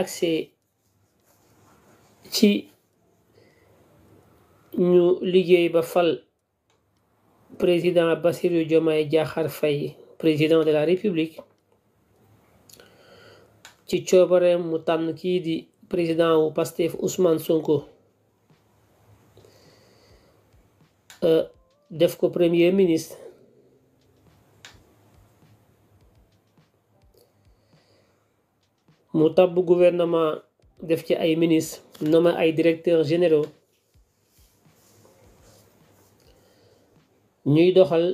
agsee ci ñu liggéey ba fal président Bassirou Diomaye Diakhar fay président de la République ci coobareem mu tànn kii di président wu Pastef Ousmane Sonko euh, def ko premier ministre mu tabb gouvernement def ci ay ministre nommé ay directeurs généraux ñuy doxal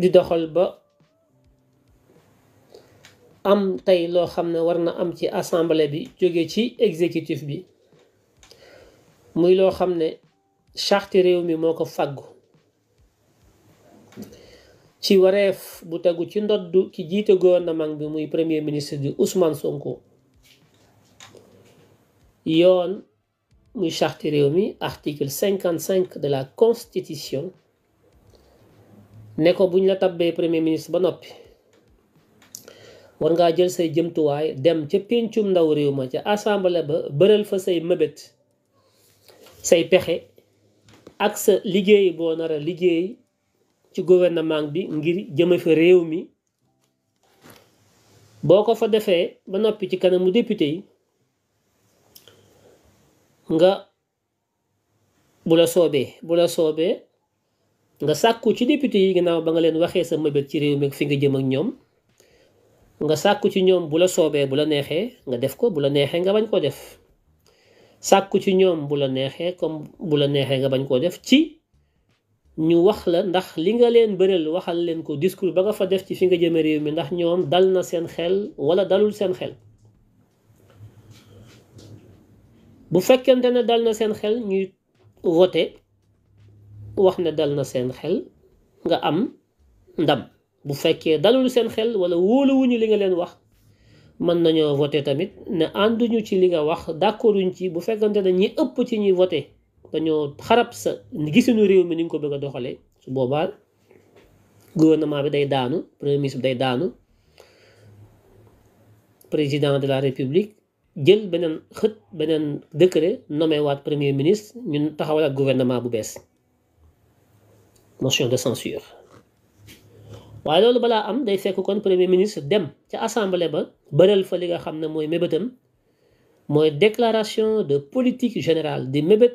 di doxal ba am tey loo xam ne war na am ci assemblée bi jóge ci exécutif bi muy loo xam ne charte réew mi moo ko fàggu ci wareef bu tegu ci ndodd ki jiite gouvernement bi muy premier ministre di Ousmane Sonko yoon muy charte réew mi article cinquante cinq de la constitution ne ko buñ la tabbee premier ministre ba noppi war ngaa jël say jëmtuwaay dem ca péncum ndaw réew ma ca assemblée ba bëral fa say mëbét say pexe ak sa liggéey boo nar liggéey ci gouvernement bi ngir jëme fa réew mi boo ko fa defee ba noppi ci kanamu député yi nga bu la soobee bu la soobee nga sàkku ci député yi gannaaw ba nga leen waxee sa bët ci réew mi fi nga jëm ak ñoom nga sàkku ci ñoom bu la soobee bu la neexee nga def ko bu la neexee nga bañ koo def sàkku ci ñoom bu neexee comme bu la neexee nga bañ koo def ci ñu wax la ndax li nga leen bërël waxal leen ko discours ba nga fa def ci fi nga jëme réew mi ndax ñoom dal na seen xel wala dalul seen xel bu fekkente ne dal na seen xel ñuy vote wax ne dal na seen xel nga am ndam bu fekkee dalul seen xel wala wóoluwuñu li nga leen wax mën nañoo vote tamit ne ànduñu ci li nga wax d' d'accorduñ ci bu fekkante ne ñi ëpp ci ñuy vote dañoo xarab sa gisinu réew mi ni ko bëgg a doxalee su boobaa gouvernement bi day daanu premier ministre bi day daanu président de la république jël beneen xët beneen décret nommé waat premier ministre ñun taxawal ak gouvernement bu bees motion de censure waaye loolu balaa am day fekk kon premier ministre dem ca assemblée ba bëral fa li nga xam ne mooy mébétam mooy déclaration de politique générale di mébét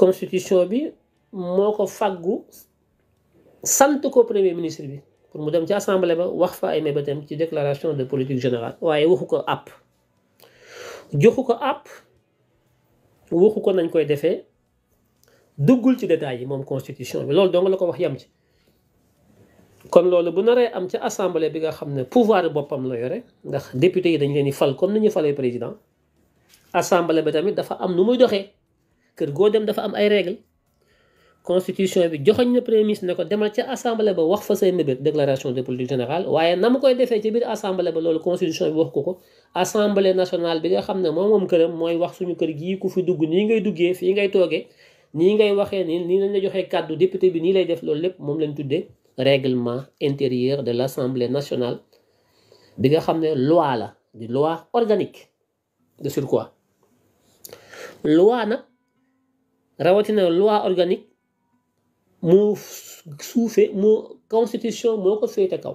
constitution bi moo ko faggu sant ko premier ministre bi pour mu dem ci assemblée ba wax fa ay mébétam ci déclaration de politique générale waaye waxu ko àpp joxu ko àpp waxu ko nañ koy defee duggul ci détails yi moom constitution bi loolu dong la ko wax yam ci kon loolu bu naree am ci assemblée bi nga xam ne pouvoir boppam la yore ndax député yi dañ leen di fal comme ni ñu falee président assemblée bi tamit dafa am nu muy doxee kër goo dem dafa constitution bi joxoñ premier demal assemblée ba wax fa say déclaration de politique générale na ci assemblée ba constitution bi wax ko ko assemblée nationale bi nga xam ne moom këram wax suñu kër fi dugg ngay ngay ngay la député bi règlement intérieur de l'assemblée nationale loi la loi organique de surcroît loi rawatina loi organique mu suufee mu constitution moo ko féete kaw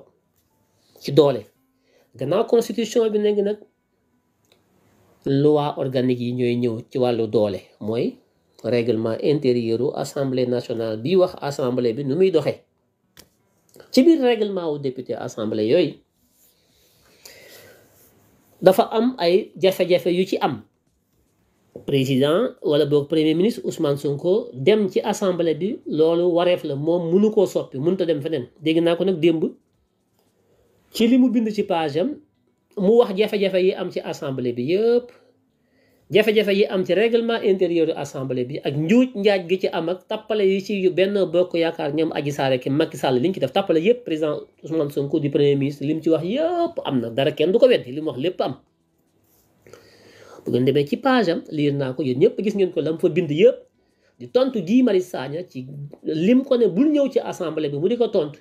ci doole gannaaw constitution bi nekk nag loi organique yi ñooy ñëw ci wàllu doole mooy règlement intérieur u assemblée nationale bi wax assemblée bi nu muy doxee ci biir réglement wu député assemblée yooyu dafa am ay jafe-jafe yu ci am président wala boog premier ministre Ousmane Sonko dem ci assemblée bi loolu wareef la moom mënu koo soppi mënut a dem feneen dégg naa ko nag démb ci li mu bind ci page mu wax jafe-jafe yi am ci assemblée bi yëpp jafe-jafe yi am ci règlement intérieur assemblée bi ak njuuj njaaj gi ci am ak tappale yi ci yu benn bokk yaakaar ñoom Adji Sarr ki Macky Sall li ñu ci def tappale yëpp président Ousmane Sonko di premier ministre li mu ci wax yëpp am na dara kenn du ko weddi li mu wax lépp am. bu ngeen demee ci page am liir ñëpp gis ngeen ko lam fa bind yëpp di tontu Guy Marius Sagna ci lim ko ne bul ñëw ci assemblée bi mu di ko tontu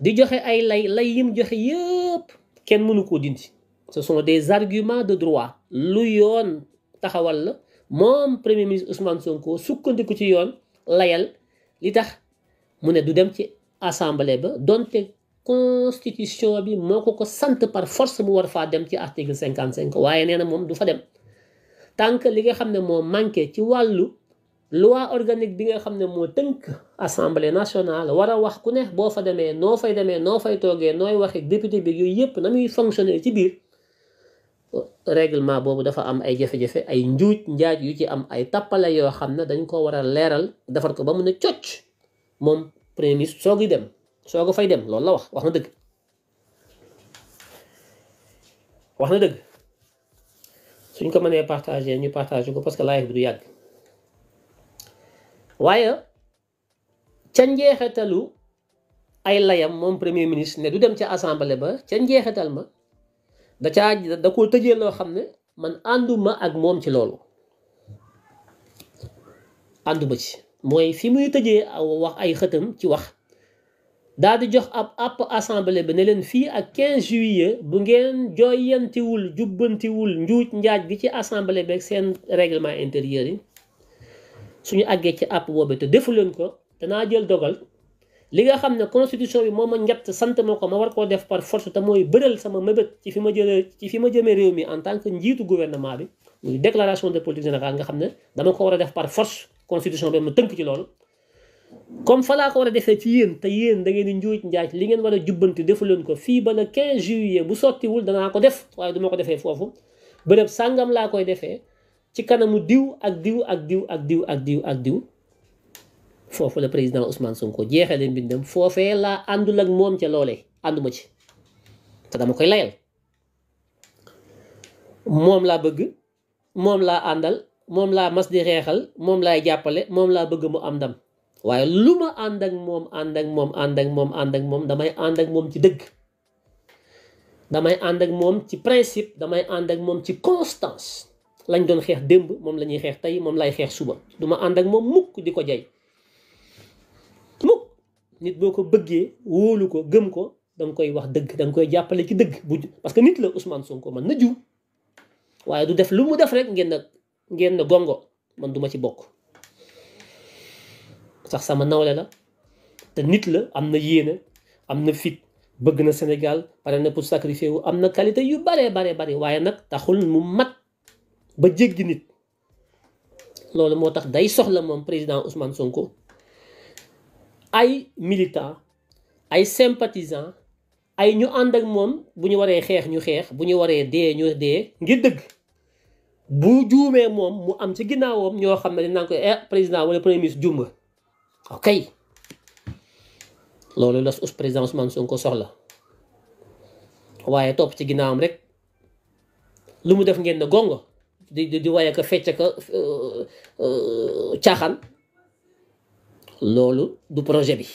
di joxe ay lay lay yim joxe yëpp kenn mënu koo dindi ce des arguments de droit lu yoon taxawal la moom premier ministre Ousmane Sonko sukkandiku ci yoon layal li tax mu ne du dem ci assemblée ba donte constitution bi moo ko ko sant par force mu war faa dem ci article cinquante cinq waaye nee moom du fa dem tant que li nga xam ne moo manqué ci wàllu loi organique bi nga xam ne moo tënk assemblée nationale war a wax ku ne boo fa demee noo fay demee noo fay toogee nooy waxee député bi yooyu yëpp na muy fonctionner ci biir règlement boobu dafa am ay jafe-jafe ay njuuj njaaj yu ci am ay tappale yoo xam ne dañ ko war a leeral defar ko ba mu ne cocc moom premier ministre soogi dem sooga fay dem loolu la wax wax na dëgg wax na dëgg suñ ko mënee partagé ñu partage ko parce que live bi du yàgg waaye ca njeexitalu ay layam moom premier ministre ne du dem ca assemblée ba ca njeexital ma da caa da koo tëjee loo xam ne man ànduma ak moom ci loolu ànduma ci mooy fi muy tëjee aw wax ay xëtam ci wax daa di jox ab app assemblée bi ne leen fii ak 15 juillet bu ngeen jooyantiwul jubbantiwul njuuj njaaj bi ci assemblée beeg seen règlement intérieur yi suñu àggee ci app boobu te defu leen ko danaa jël dogal li nga xam ne constitution bi moo ma njett sant ma ko ma war koo def par force te mooy bëral sama mëbët ci fi ma jëlee ci fi ma jëmee réew mi en tant que njiitu gouvernement bi muy déclaration de politique générale nga xam ne dama ko war a def par force constitution bi ma ci loolu comme fa laa ko war a defee ci yéen te yéen dangeen di njuuj njaaj li ngeen war a jubbanti defu leen ko fii ba le 15 juillet bu sottiwul danaa ko def waaye du ma ko defee foofu bërëb sàngam laa koy defee ci kanamu diw ak diw ak diw ak diw ak diw ak diw foofu la président Ousmane Sonko jeexalee mbindam foofee laa àndul ak moom ca loole ànduma ci te dama koy layal moom laa bëgg moom laa àndal moom laa mas di xeexal moom laay jàppale moom laa bëgg mu am waye luma and mom ak mom and ak mom mom, ak mom mom ak mom damay and ak mom ci deug damay and ak mom ci principe damay and ak mom ci constance lañ doon xex demb mom la xex tay mom lay xex suba duma and mom ak mom mukk di ko mukk nit boko ko bëggee ko gëm ko dang koy wax deug dang koy jappalé ci deug bu parce que nit la Ousmane Sonko man na ju waye du def lu mu def rek ngeen na ngeen gongo man duma ci bokk sax sama nawle la te nit la am na yéene am na fit bëgg na Sénégal pare na pour sacrifier wu am na qualité yu bare bare bare waaye nag taxul mu mat ba jéggi nit loolu moo tax day soxla moom président Ousmane Sonko ay militants ay sympathisants ay ñu ànd ak moom bu ñu waree xeex ñu xeex bu ñu waree dee ñu dee ngir dëgg bu juumee moom mu am ci ginnaawam ñoo xam ne dinaa ko eh président wala premier ministre juum ok loolu la président Ousmane Sonko soxla waaye topp ci ginnaawam rek lu mu def ngeen ne gongo di di di waye ko fecc ko euh, euh, loolu du projet bi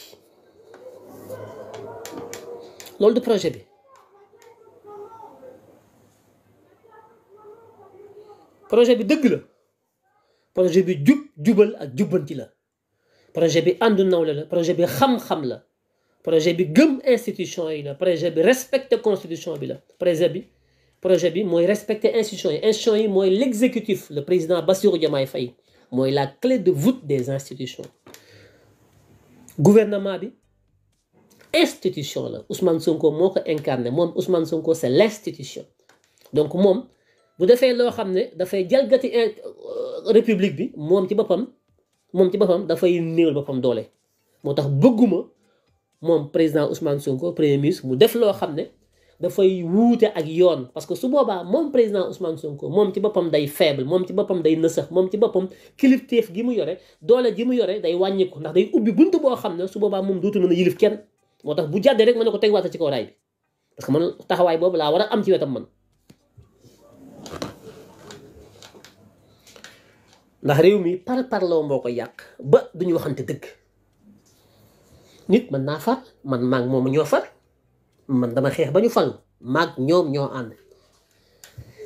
loolu du projet bi projet bi dëgg la projet bi jub jubal ak jubbanti la projet bi projet projet bi xam-xam la projet bi gëm institution yi la projet bi constitution bi la projet bi projet bi respecter institution yi institution l'exécutif le président Bassirou Diomaye la clé de voûte des institutions gouvernement bi institution Ousmane Sonko moko Ousmane Sonko c'est l'institution donc mom vous defé lo xamné république bi qui ci moom ci boppam dafay néewal boppam doole moo tax bëgguma moom président Ousmane Sonko premier ministre mu def loo xam ne dafay wuute ak yoon parce que su boobaa moom président Ousmane Sonko moom ci boppam day faible moom ci boppam day nësax moom ci boppam kilifteef gi mu yore doole gi mu yore day wàññiku ndax day ubbi bunt boo xam ne su boobaa moom dootul mën a yilif kenn moo tax bu jàddee rek mën ne ko teg waata ci kaw raay bi parce que man taxawaay boobu laa war a am ci wetam man ndax réew mi par parloo moo ko ba duñu waxante deug nit man na fa man mag mom ñoo far man dama xex bañu fal mag ñom ñoo and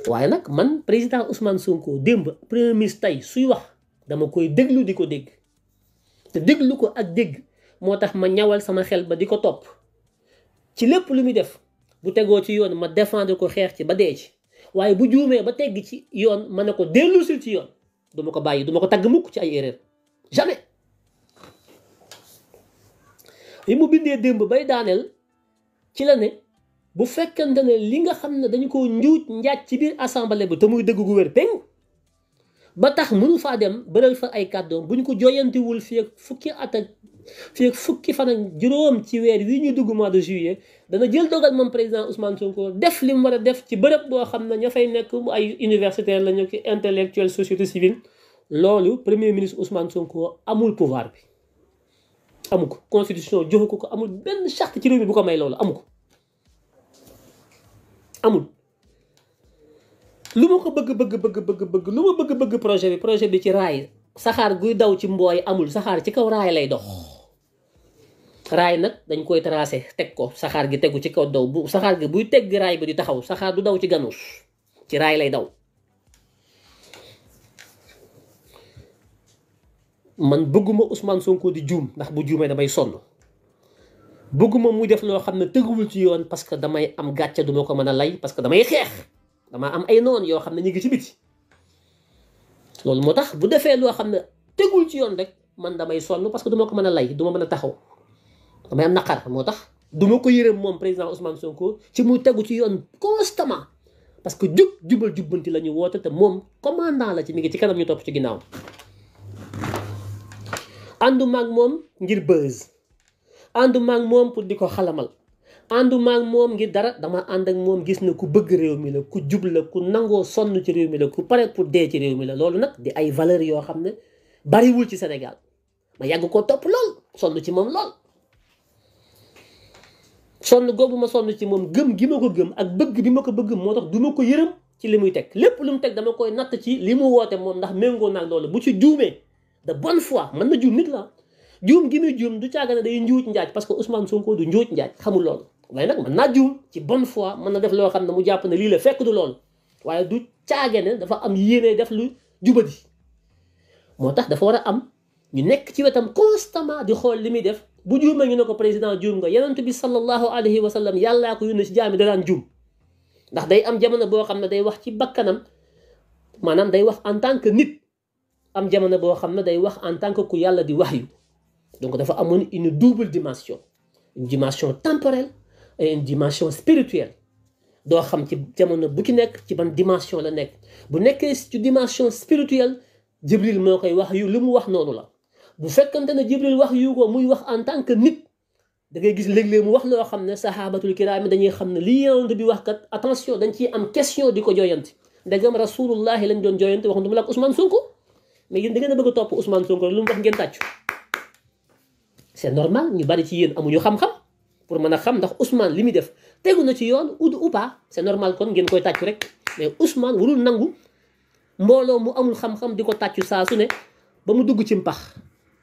waye nak man président Ousmane Sonko demb premier ministre tay suy wax dama koy deglu diko deg te deglu ko ak deg motax ma ñawal sama xel ba diko ko ci lepp lu mi def bu teggo ci yoon ma défendre ko xex ci ba dee ci waye bu juumee ba tegg ci yoon manako ci yoon du ko bàyyi du ko tagg mukk ci ay erreur jamais li mu bindee démb bay daaneel ci la ne bu fekkante ne li nga xam ne dañu ko njuuj njaaj ci biir assemblée bi te muy dëgg gu wér péng ba tax mënu faa dem bëral fa ay kàddoom bu ñu ko jooyantiwul fii ak fukki at fii fukki fan juróom ci weer wi ñu dugg mois de juillet dana jël dogal moom président Ousmane Sonko def li mu war a def ci bërëb boo xam ne ña fay nekk ay universitaire lañu ki intellectuel société civile loolu premier ministre Ousmane Sonko amul pouvoir bi amu ko constitution joxu ko ko amul benn charte ci réew mi bu ko may loolu amu ko amul lu ma ko bëgg bëgg bëgg bëgg bëgg lu ma bëgg bëgg projet bi projet bi ci raay saxaar guy daw ci mbooy amul saxaar ci kaw raay lay dox raay nag dañ koy tracé teg ko saxaar gi tegu ci kaw daw bu saxaar gi buy teg raay bi di taxaw saxaar du daw ci ganus ci raay lay daw man bëgguma Ousmane Sonko di juum ndax bu juumee damay sonn bëgguma muy def noo xam ne teguwul ci yoon parce que damay am gàcce duma ko mën a lay parce que damay xeex dama am ay noon yoo xam ne ñu ngi ci biti loolu motax bu defé lo xamné ne ci yoon rek man damay sonu parce que duma ko mëna lay duma mëna taxaw damay am nakar motax duma ko yërëm mom président Ousmane Sonko ci mu tegu ci yoon constamment parce que djub djubal djubanti lañu ñu té mom commandant la ci mi ngi ci kanam ñu top ci ginnaaw andu ak mom ngir buzz Andu ak mom pour diko xalamal ànduma ak moom ngi dara dama ànd ak moom gis na ku bëgg réew mi la ku jub la ku nangoo sonn ci réew mi la ku pare pour dee ci réew mi la loolu nag di ay valeurs yoo xam ne bariwul ci Sénégal ma yàgg koo topp lool sonn ci moom lool sonn googu ma sonn ci moom gëm gi ma gëm ak bëgg bi ma ko bëgg moo tax du ko yërëm ci li muy teg lépp lu mu teg dama koy natt ci li mu woote moom ndax méngoo naag loolu bu ci juumee de bonne fois mën na juum nit la juum gi muy juum du caaga ne day njuuj njaaj parce que Ousmane Sonko du njuuj njaaj xamul loolu waaye nag mën naa juum ci bonne fois mën na def loo xam ne mu jàpp na lii la fekk du loolu waaye du caage dafa am yéene def lu juba jubadi moo tax dafa war a am ñu nekk ci wetam constamment di xool li muy def bu juumee ñu ne ko président juum nga yonent bi sallallahu alayhi wa sallam yàllaa ko yónnee si jaami daraan juum ndax day am jamono boo xam ne day wax ci bakkanam maanaam day wax en tant que nit am jamono boo xam ne day wax en tant que ku yàlla di wax yu donc dafa amoon une double dimension une dimension une dimension spirituelle doo xam ci jamono bu ci nek ci ban dimension la nek. bu nek ci dimension spirituelle jibril mo koy wax yu li mu wax nonu la bu fekkante na jibril wax yu ko muy wax en tant que nit da ngay gis leg leg mu wax lo xamne sahabatul kiram kiraam dañuy xam ne li yonent bi wax kat attention dañ ci am question diko joyante. ndegam Rasulullah lañ doon joyante wax du la ak Ousmane Sonko mais yéen da ngeen a bëgg a topp Ousmane Sonko lu mu wax ngeen tàccu c'est normal ñu bari ci yéen amuñu xam-xam pour mën a xam ndax Ousmane li muy def tegu na ci yoon ud ou pas c'est normal kon ngeen koy tàccu rek mais Ousmane warul nangu mbooloo mu amul xam-xam di ko tàccu saa su ne ba mu dugg ci mpax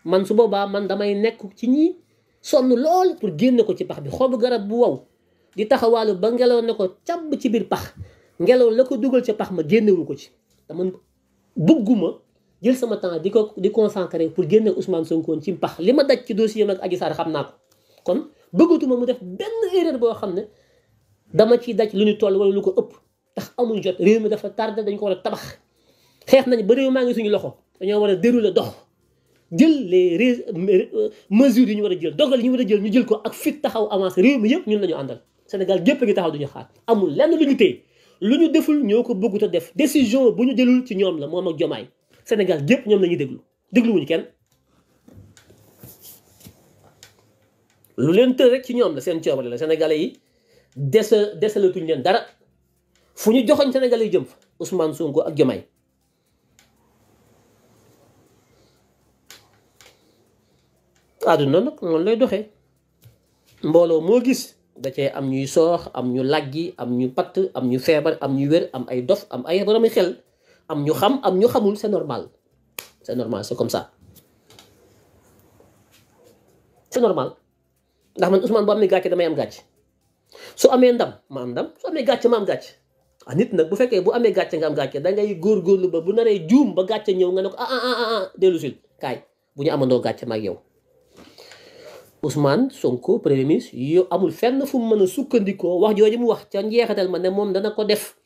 man su boobaa man damay nekk ci ñi sonn lool pour génne ko ci pax bi xobu garab bu wow di taxawaalu ba ngelaw ne ko càbb ci biir pax ngelaw la ko dugal ca pax ma génnewu ko ci dama bëgguma jël sama temps di ko di concentré pour génne Ousmane Sonko ci mpax li ma daj ci dossier mag Adji Sarr xam naa ko bëggatuma mu def benn erreur boo xam ne dama ciy daj lu ñu toll wala lu ko ëpp ndax amul jot réew mi dafa tardé dañ ko war a tabax xeex nañ ba réew maa ngi suñu loxo dañoo war a dérouler dox jël les euh, mesures yi ñu war a jël dogal yi ñu war a jël ñu jël ko ak fit taxaw avance réew mi yëpp ñun la àndal Sénégal gépp a ngi taxaw duñu amul lenn lu ñu lu ñu deful ñoo ko bëggut a def décision bu ñu jëlul ci ñoom la moom ak jomaay Sénégal gépp ñoom la ñuy déglu dégluwuñu kenn lu leen tër rek ci ñoom la seen coobare la sénégalais yi dese desalatuñ leen dara fu ñu joxoñ sénégalais yi jëm fa Ousmane Sonko ak Diomaye àdduna nag noonu lay doxee mbooloo moo gis da am ñuy soox am ñu làggi am ñu patt am ñu feebar am ñu wér am ay dof am ay boromi xel am ñu xam am ñu xamul c'est normal c'est c'est normal ndax man Ousmane bu amee gàcce damay am gàcce su amee ndam ma am ndam su amee gàcce ma am gàcce ah nit nag bu fekkee bu amee gàcce nga am gàcce da ba bu naree juum ba gàcce ñëw nga ne ko ah ah ah ah, ah dellu kaay bu ñu amandoo gàccee ma ak yow. Ousmane Sonko premier yow amul fenn fu mu mën a sukkandikoo wax jooju mu wax ca njeexital ma ne moom dana ko def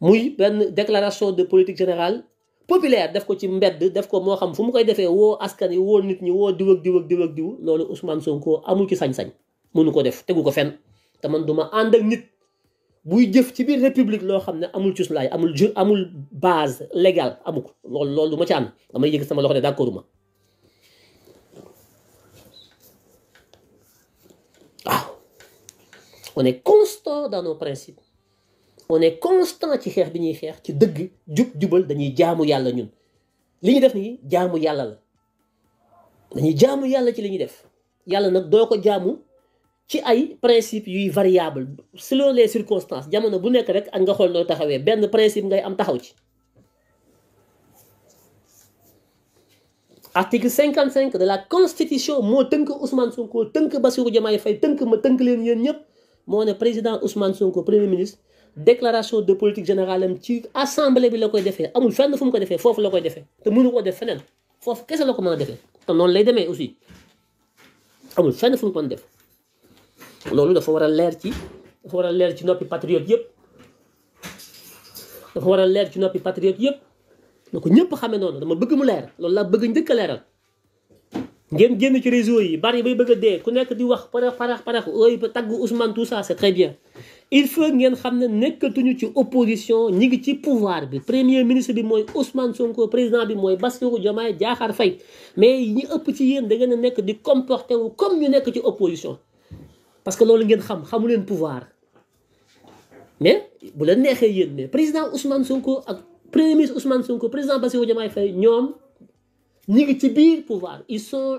muy benn déclaration de politique général populaire def ko ci mbedd def ko moo xam fu mu koy defee woo askan yi woo nit ñi woo diw ak diw ak diw ak diw loolu Ousmane Sonko amul ci sañ-sañ mënu ko def tegu ko fen te man du ma ànd ak nit buy jëf ci biir république loo xam ne amul cuslaay amul jur amul base légale amu ko loolu loolu du ma ci ànd damay yëg sama loxo ne d'accord ma waaw on est constant dans on est constant ci xex bi ñuy xex ci deug djub djubal dañuy jaamu yalla ñun li def qui jaamu yalla, la dañuy jaamu Yalla ci def jaamu ci variable selon les circonstances jamono bu nek rek ak nga xol principe ngay am taxaw article 55 de la constitution mo teunk Ousmane Sonko teunk Bassirou Fay, ma président Ousmane Sonko premier ministre déclaration de politique générale am ci assemblée bi la koy defee amul fenn fu mu ko defee foofu la koy defee te mënu ko def feneen foofu kese la ko mën a defee te noonu lay demee aussi amul fenn fu mu ko mën def loolu dafa war a leer ci dafa war a leer ci noppi patriote yëpp dafa war a leer ci noppi patriote yëpp na ko ñëpp xamee noonu dama bëgg mu leer loolu laa bëgg njëkk a leeral ngeen génn ci réseau yi bari bay bëgg a dee ku nekk di wax parax parax parax ooy tagg Ousmane tout ça c'est très bien il faut ngeen xam ne nekkatuñu ci opposition ñi ngi ci pouvoir bi premier ministre bi moy, Ousmane Sonko président bi mooy Bassirou Diomaye Diakhar Faye mais ñi ëpp ci train de ngeen comporter comme di comporter wu comme ñu que ci opposition parce que loolu ngeen xam xamu le pouvoir mais bu leen neexee yéen mais président Ousmane Sonko ak premier ministre Ousmane Sonko président Bassirou Diomaye Faye ñoom ñi ngi ci biir pouvoir ils sont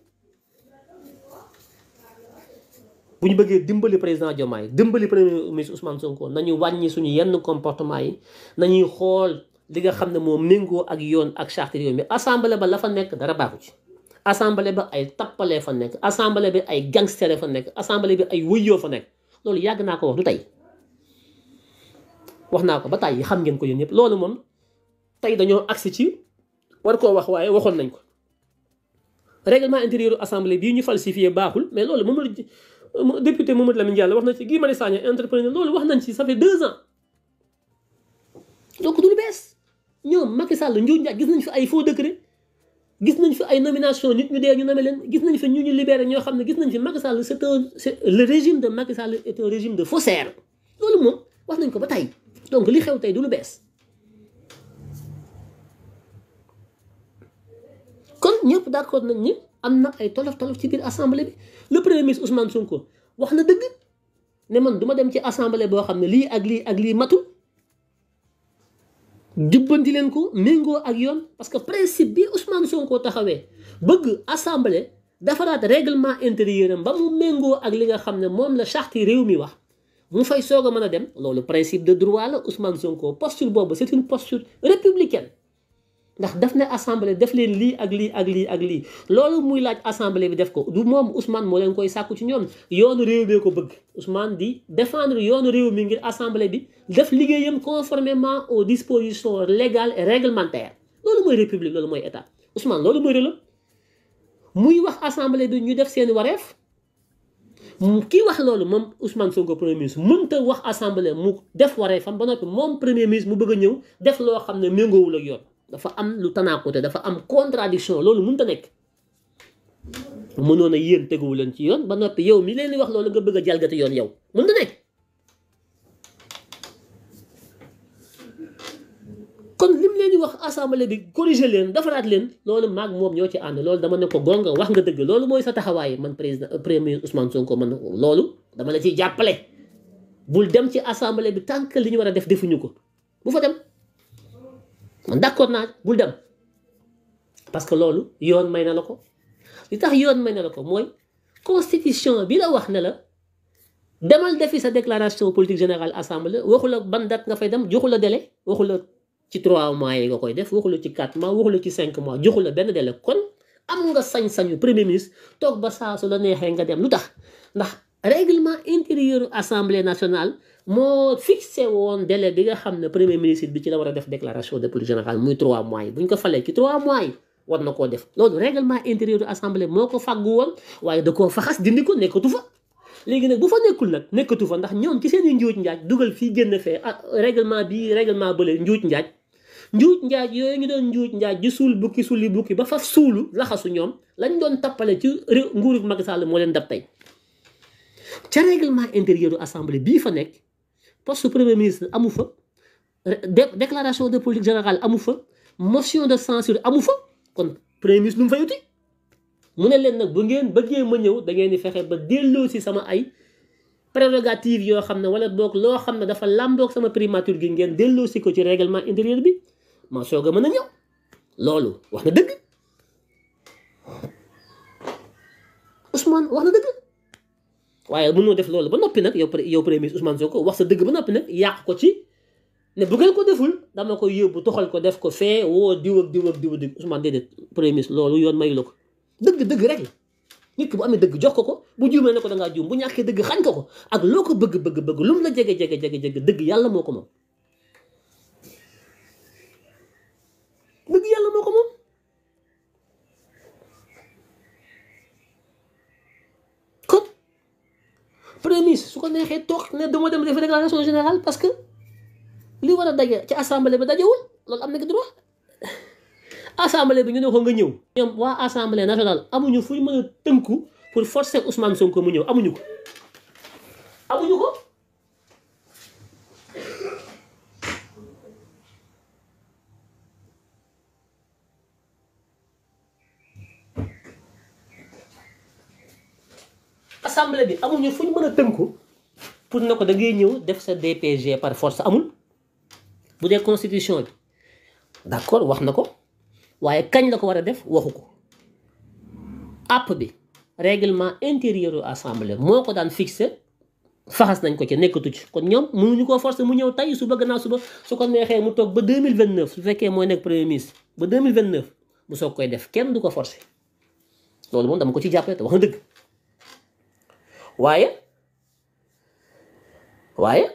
bu ñu bëggee dimbali président Diomaye dimbali premier ministre Ousmane Sonko nañu wàññi suñu yenn comportement yi nañuy xool li nga xam ne moom méngoo ak yoon ak charte réew mi assemblée ba la fa nekk dara baaxu ci. assemblée ba ay tappalee fa nekk assemblée bi ay gangstère fa nekk assemblée bi ay wëyyoo fa nekk loolu yàgg naa ko wax du tey wax naa ko ba tàyyi xam ngeen ko yéen ñëpp loolu moom tey dañoo agsi ci war koo wax waaye waxoon nañ ko Euh, député Mamadou Lamine Diallo wax na ci Guy Marius Sagna entrepreneur loolu wax nañ ci ça fait deux ans donc du lu bees ñoom Macky Sall njuuj njaaj gis nañ fi ay faux décret gis nañ fi ay nomination nit ñu dee ñu nommé leen gis nañ fi ñu ñu libéré ñoo xam ne gis nañ fi Macky Sall c'est un c'est le régime de Macky Sall est un régime de faussaire loolu moom wax nañ ko ba tey donc li xew tey du lu bees kon ñëpp d'accord nañ ni am na ay tolof tolof ci biir assemblée bi le premier ministre Ousmane Sonko wax na dëgg ne man duma dem ci assemblée boo xam ne lii ak lii ak lii matul jubbanti leen ko méngoo ak yoon parce que principe bi Ousmane Sonko taxawee bëgg assemblée defaraat règlement intérieur am ba mu méngoo ak li nga xam ne moom la charte réew mi wax mu fay soog a mën a dem loolu principe de droit la Ousmane Sonko posture boobu c'est une posture républicaine. ndax daf ne assemblée def leen lii ak lii ak lii ak lii loolu muy laaj assemblée bi def ko moom Ousmane moo leen koy sàkku ci ñoom yoonu réew mi ko bëgg Ousmane di défendre yoonu réew mi ngir assemblée bi def liggéeyam conformément aux dispositions légales et réglementaires loolu mooy république loolu mooy état Ousmane loolu mooy rëlam muy wax assemblée bi ñu def seen wareef kii wax loolu moom Ousmane Sonko premier ministre mënta wax assemblée mu def wareefam ba noppi moom premier ministre mu bëgg a ñëw def loo xam ne méngoowul ak yoon. dafa am lu tanaakute dafa am contradiction loolu mënut a nekk mënoon a yéen teguwu leen ci yoon ba noppi yow mi leen di wax loolu nga bëgg a jalgati yoon yow mënut a nekk kon lim leen di wax assemblée bi corriger leen defaraat leen loolu maag moom ñoo ci ànd loolu dama ne ko gonga wax nga dëgg loolu mooy sa taxawaay man président euh, premier Ousmane Sonko man loolu dama la ciy jàppale bul dem ci assemblée bi tànk li ñu war a def defuñu ko bu fa dem. d'accord naa bul dem parce que loolu yoon may na la ko li tax yoon may na la ko mooy constitution bi la wax ne la demal defi sa déclaration politique général assemblée waxu la ban date nga fay dem joxu la délai waxu ci 3 mois yi nga koy def waxu la ci 4 mois waxula ci 5 mois joxu benn délai kon am nga sañ-sañu premier ministre toog ba saa su la neexee nga dem lu tax ndax. règlement intérieur assemblée nationale mo fixé won délai bi nga xam premier ministre bi ci la wara def déclaration de politique générale muy 3 mois buñ ko falé ci 3 mois war nako def lolu règlement intérieur assemblée moko ko won waye waaye da koo faxas dindi ko nekkatu fa léegi nag bu fa nekul nak nekkatu fa ndax ñoom ci seen i njuuj duggal fi fii génn ah, règlement bi règlement bële njuuj njaaj njuuj njaaj yoy ñu doon njuuj njaaj ji buki bukki suuli ba fa suulu laxasu ñoom lañ doon tapalé ci nguurug Macky mo len leen dab tay ca règlement intérieur assemblée bi fa nek poste premier ministre amu fa déclaration de politique générale amu fa motion de censure amu fa kon premier ministre num fa yoti mu len nak nag bu ngeen bëggee ma ñew da ngeen di ba délo si sama ay prérogative yo xam wala bok lo xam dafa lambok sama primature gi ngeen délo si ko ci règlement intérieur bi ma soog mëna ñew lolu ñëw wax na dëgg Ousmane wax na dëgg waaye mënoo def loolu ba noppi nag yow yow premier ministre Ousmane Sonko wax sa dëgg ba noppi nag yàq ko ci ne bu ngeen ko deful dama koy yóbbu toxal ko def ko fee woo diw ak diw ak diw ak Ousmane déedéet loolu yoon mayu la ko dëgg dëgg rek la ki bu amee dëgg jox ko ko bu juumee ne ko da ngaa bu ñàkkee dëgg xañ ko ko ak loo ko bëgg bëgg bëgg lu mu la jege jege jege jege dëgg yàlla moo ko moom dëgg yàlla moo ko moom prémisse su ko neexee tok ne dama dem def déclaration générale parce que li wara dajé ci assemblée bi dajewul loolu am na ki droit assemblée bi ñu ne ko nga ñew ñom wa assemblée nationale amuñu fu mëna mën pour forcer Ousmane Sonko mu ñew amuñu ko amuñu ko. assemblée bi amuñu fu ñu mën a tënku pour ne ko da ñëw def sa DPG par force amul bu dee constitution bi d'accord wax na ko waaye kañ la ko war a def waxu ko app bi règlement intérieur u assemblée moo ko daan fixé faxas nañ ko ci nekkatu ci kon ñoom koo forcer mu ñëw tey suba gannaaw suba su ko neexee mu toog ba 2029 su fekkee mooy nekk premier ministre ba 2029 mu soog koy def kenn du ko forcer loolu moom dama ko ci jàppale te wax na dëgg waaye waaye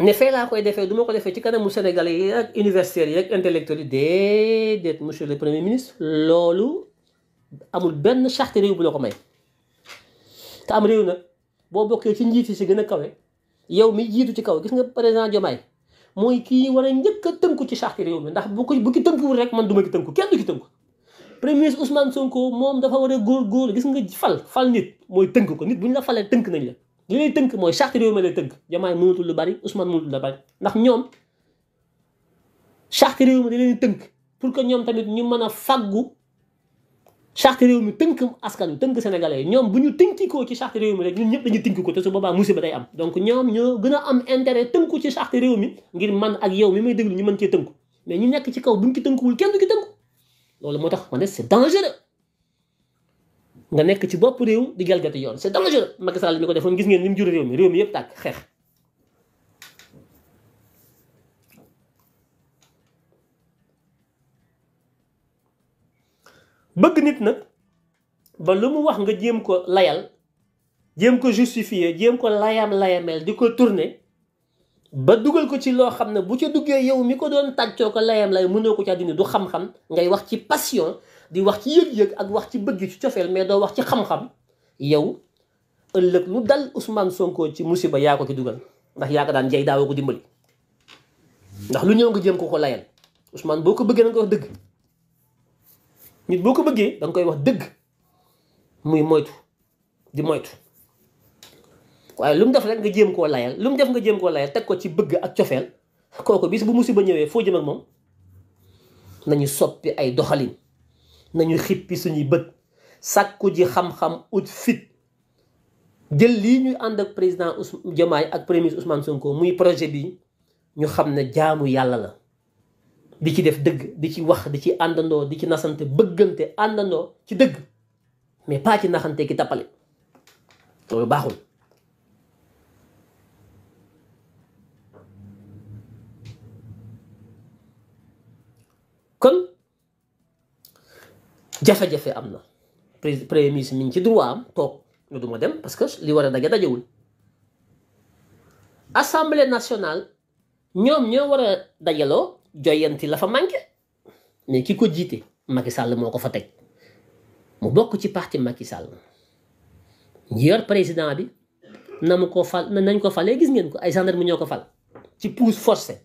ne fee laa koy defee du ma ko defee ci kanamu Sénégalais yi ak universitaires yi ak de yi déedéet le premier ministre loolu amul benn charte réew bu la ko may te am réew na boo bokkee ci njiit yi si gën a kawe yow mi jiitu ci kaw gis nga président Diomaye mooy kii war a njëkk a tënku ci charte réew bi ndax bu ko bu ki tënkuwul rek man du ma ki tënku kenn du ki tënku premier ministre Ousmane Sonko moom dafa war a góorgóorlu gis nga fal fal nit mooy tënk ko nit bu ñu la falee tënk nañ la li lay tënk mooy charte réew mi lay tënk Diomaye mënatul lu bari Ousmane mënatul lu bari ndax ñoom charte réew mi da leen tënk pour que ñoom tamit ñu mën a faggu charte réew mi tënk askan wi tënk sénégalais yi ñoom bu ñu tënkikoo ci charte réew mi rek ñun ñëpp dañu tënk ko te su boobaa ba day am donc ñoom ñoo gën a am intérêt tënku ci charte réew mi ngir man ak yow mi may déglu ñu mën cee tënku mais ñu nekk ci kaw buñ ci tënkuwul kenn du ci tënku loolu motax tax c'est dangereux nga nek ci bop rew di galgati yoon c'est dangereux Macky Sall mi ko defone gis ngeen ni mu rew réew mi réew mi yëpp tàkk xeex bëgg nit nag ba lu mu wax nga jëm ko layal jëm ko justifier jëm ko layam layamel di ko tourner ba dugal ko ci loo xam ne bu ca duggee yow mi ko doon tàccoo ko layam lay mënoo ko ci dindi du xam-xam ngay wax ci passion di wax ci yëg-yëg ak wax ci bëgg ci cofeel mais doo wax ci xam-xam yow ëllëg lu dal Ousmane Sonko ci musiba yaa ko ci dugal ndax yaa ko daan jay daawoo ko dimbali ndax lu ñëw nga jëm ko ko layal Ousmane boo ko bëggee danga koy boo ko bëggee danga koy wax dëgg muy moytu di moytu waye lum def rek nga jëm ko layal lum def nga jëm ko layal tek ko ci bëgg ak ciofel koku bis bu musiba ñëwé fo jëm ak mom nañu soppi ay doxalin nañu xippi suñu bëtt sakku ji xam-xam ut fit jël li ñuy and ak président Ousmane Jamaay ak premier ministre Ousmane Sonko muy projet bi ñu xam jaamu yalla la di ci def deug di ci wax di ci andando di ci nasante beugante andando ci deug mais pa ci naxante ki tapale lolu baxul kon jafé jafé amna premis premier ministre mi ngi ci droit am dem parce que li wara a daje dajewul assemblée nationale ñoom ñoo wara a dajaloo joyanti la fa manqué mais ki ko jiite Macky Sall moo ko fa teg mu bokk ci parti Macky Sall ñi président bi na mu ko fal nañ ko falee gis ngeen ko ay gendarme fal ci forcé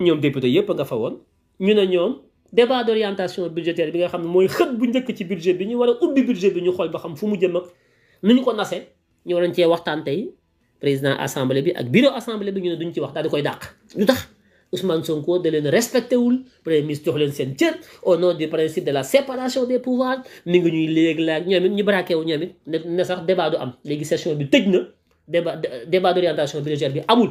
ñoom député yépp nga fa woon ñu né ñom débat d'orientation budgétaire bi nga xam ne mooy xët bu njëkk ci budget bi ñu wara a ubbi budget bi ñu xol ba xam fu mu jëm ak nu ñu ko nase ñoo nañ ci waxtaan tay président assemblée bi ak bureau assemblée bi ñu né duñ ci wax daal di koy dakk ñu tax Ousmane Sonko de leen respecté wul premier ministre jox leen seen cër au nom du principe de la séparation des pouvoirs ni ngi ñuy lég laag ñoom it ñu braqué wu ñoom it ne sax débat du am légui session bi tejna débat débat d'orientation budgétaire bi amul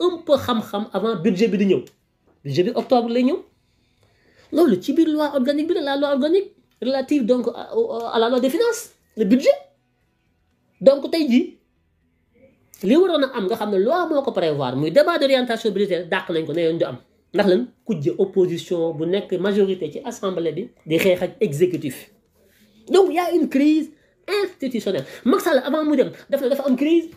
un peu xam-xam avant budget bi budget octobre lay ñew ci loi organique la loi organique relative donc à la loi des finances le budget donc tay ji am nga loi débat d'orientation budgétaire ko opposition majorité ci assemblée bi di y a une crise institutionnelle maxal avant mu crise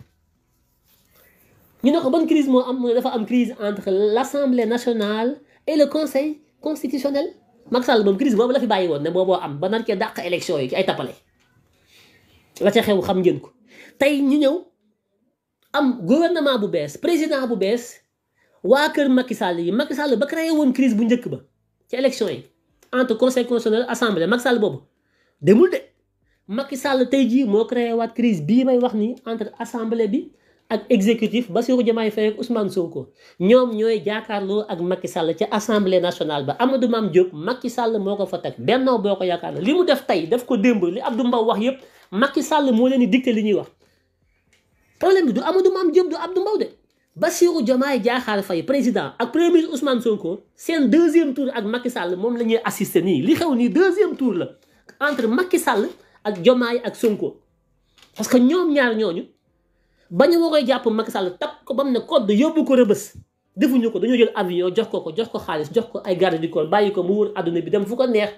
ñu ne ko ban crise moo am dafa am crise entre l'Assemblée nationale et le conseil constitutionnel Macky Sall moom crise boobu la fi bàyyi woon ne booboo am ba nar cee dàq élection yi ci ay tappale la ca xam ko ñu am gouvernement bu bees président bu bees waa kër Macky Sall yi Macky Sall ba créé woon crise bu ñëk ba ci élection yi entre conseil constitutionnel assemblée Macky Sall bobu demul de Macky Sall tay ji mo créé wat crise bi may wax ni entre assemblée bi ak exécutif Bassirou Diomaye Faye ak Ousmane Sonko ñoom ñooy jaakaarloo ak Macky Sall ci assemblée nationale ba Amadou Mame Diop Macky Sall moo ko fa teg Benno Bokk Yaakaar li mu def tey daf ko démb li Abdou Mbow wax yépp Macky Sall moo leen di dicté li ñuy wax problème bi du Amadou Mame Diop du Abdou Mbow de Bassirou Diomaye Diakhar fay président ak premier ministre Ousmane Sonko seen deuxième tour ak Macky Sall moom la ñuy assister nii li xew nii deuxième tour la entre makki sàll ak Diomaye ak Sonko parce que ñoom ñaar ñooñu. ba bañ woo koy jàpp Macky Sall tap ko ba mu ne code yóbbu ko rëbës defuñu ko dañoo jël avion jox ko ko jox ko xaalis jox ko ay garde du corps bàyyi ko mu wër àdduna bi dem fu ko neex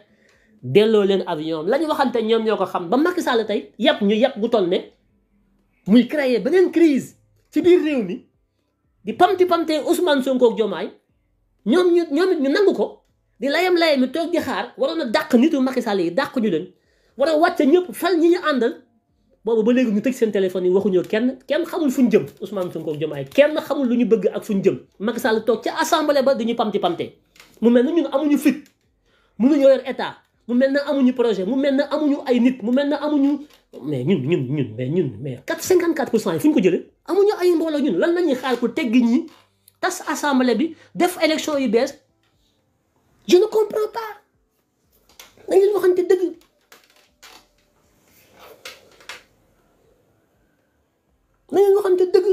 delloo leen avion la ñu waxante ñoom ñoo ko xam ba Macky Sall tey yàpp ñu yàpp gu toll ne muy créer beneen crise ci biir réew mi di pamti pamte Ousmane Sonko ak Diomaye ñoom ñu ñoom ñu nangu ko di layam layam mi toog di xaar waroon a dàq nitu Macky Sall yi dàq ñu leen war a wàcce ñëpp fal ñi ñu àndal. boobu ba léegi ñu tëj seen téléphone yi waxuñu kenn kenn xamul fu fuñ jëm Ousmane Sonko ak Diomaye kenn xamul lu ñu bëgg ak fuñ jëm Macky Sall toog ca assemblée ba dañuy pamti pamte mu mel na ñun amuñu fit mënuñoo yor état mu mel na amuñu projet mu mel na amuñu ay nit mu mel na amuñu mais ñun ñun ñun mais ñun mais quatre cinquante quatre pour cent yi ko jëlee amuñu ay mbooloo ñun lan lañuy xaar pour teggi ñi tas assemblée bi def élection yu bees je ne comprends pas dañ leen waxante dëgg na ngeen waxante dëgg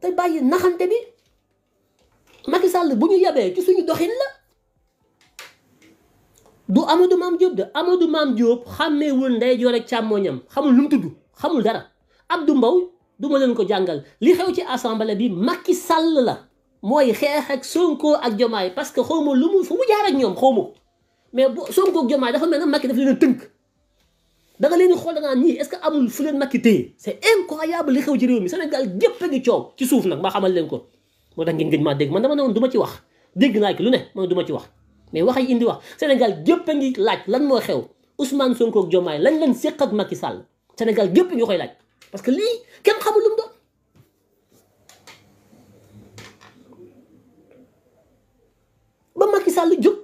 te bàyyi naxante bi Macky Sall bu ñu yabee ci suñu doxin la du Amadou Mame Diop de Amadou Mame Diop xàmmeewul ndeyjoor ak càmmooñam xamul lu mu tudd xamul dara Abdou mbaw du ma leen ko jàngal li xew ci assemblée bi Macky Sall la mooy xeex ak Sonko ak Jomaay parce que xawma lu mu fu mu jaar ak ñoom xawma mais bu Sonko ak Jomaay dafa mel ne Macky daf leen a tënk. da leen di xool da ngaa ñii est-ce que amul fu leen Macky téye c'est incroyable li xew ci réew mi Sénégal a ngi coow ci suuf nag maa xamal leen ko moo tax ngeen gëj maa dégg man dama ne woon du ci wax dégg naa ki lu ne man du ma ci wax mais wax ay indi wax Sénégal gépp a ngi laaj lan moo xew Ousmane Sonko ak Diomaye lañ leen séq ak ki sàll senegal gépp ñu koy laaj parce que lii kenn xamul lu mu doon ba Macky Sall jóg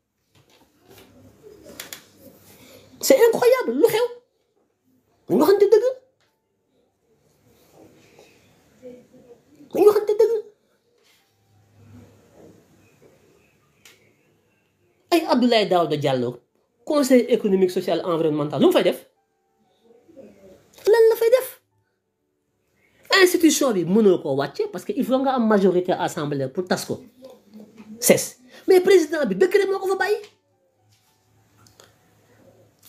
c'est incroyable lu des dégâts. waxante dëgg dañu waxante dëgg ay Abdoulaye Daouda Diallo conseil économique social environnemental lu fait fay def lan la fay def institution bi mënoo parce que il faut nga majorité assemblée pour tas ko c'est mais président bi décret moo ko fa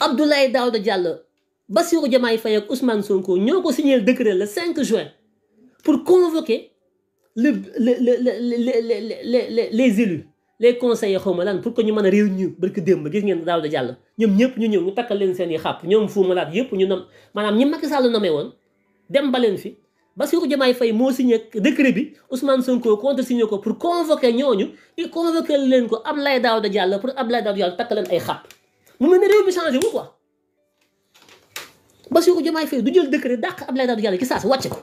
Abdoulaye Daouda Diallo Bassirou Diomaye Faye ak Ousmane Sonko ñoo ko signé décret le 5 juin pour convoquer le le le le les élus les conseillers xaw lan pour que ñu mëna réunir barke demb gis ngeen Daouda Diallo ñom ñëpp ñu ñew ñu takal leen seen xap ñom ñoom Fou Malade yëpp ñu manam ñi Macky Sall nommé won dem ba leen fi Bassirou Diomaye Faye mo signé décret bi Ousmane Sonko contre signé ko pour convoquer ñoñu et convoquer leen ko Abdoulaye Daouda Diallo pour Abdoulaye Daouda Diallo takal leen ay xap mu mel ne réew mi changé wul quoi Bassirou Diomaye Faye du jël décret dàq Abdoulaye Daouda Diallo ki saa si wàcc ko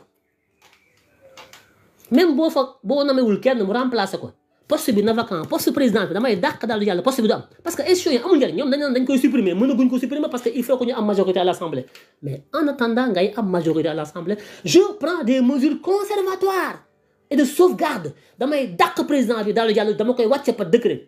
même boo fa namé wul kenn mu remplacer ko poste bi na vacant poste président bi damay dàq Daouda Diallo poste bi du am parce que institution yi amul njëriñ ñom dañ dañ koy supprimer guñ ko supprimer parce que il faut ko ñu am majorité à l'Assemblée. mais en attendant ngay am majorité à l'Assemblée. je prends des mesures conservatoires et de sauvegarde damay dàq président bi Daouda yalla dama koy wàcce par décret.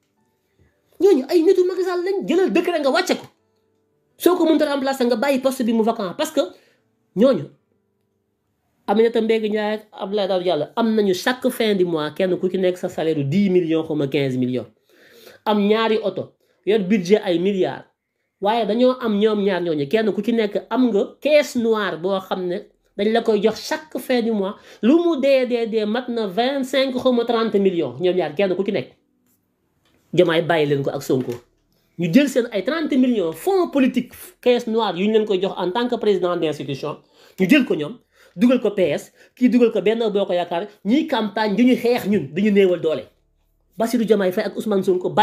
ñooñu ay nit Macky Sall lañ jëlal décret nga wàcce ko soo ko mun mënta remplacer nga bàyyi poste bi mu vacant parce que ñooñu am Aminata Mbengue Ndiaye ak Abdoulaye Daouda Diallo am nañu chaque fin du mois kenn ku ci nekk sa salaire yu dix millions xaw ma quinze millions am ñaari oto yor budget ay milliards waaye dañoo am ñoom ñaar ñooñu kenn ku ci nekk am nga caisse noire boo xam ne dañ la koy jox chaque fin mois lu mu dee dee dee mat na vingt cinq xaw ma trente ñaar kenn ku ci nekk. Diomaye bàyyi leen ko ak Sonko ñu jël 30 millions fonds politiques, caisse noire que en tant que président de l'institution. Nous avons ko 30 millions ko PS ko benn de nous campagne campagne, ñun dañu Bassirou Ousmane Sonko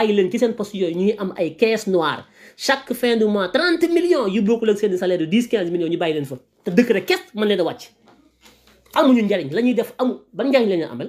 ci caisse noire chaque fin de mois 30 millions yu salaire de 10 15 millions ñu de fa te fait rek caisse, la amu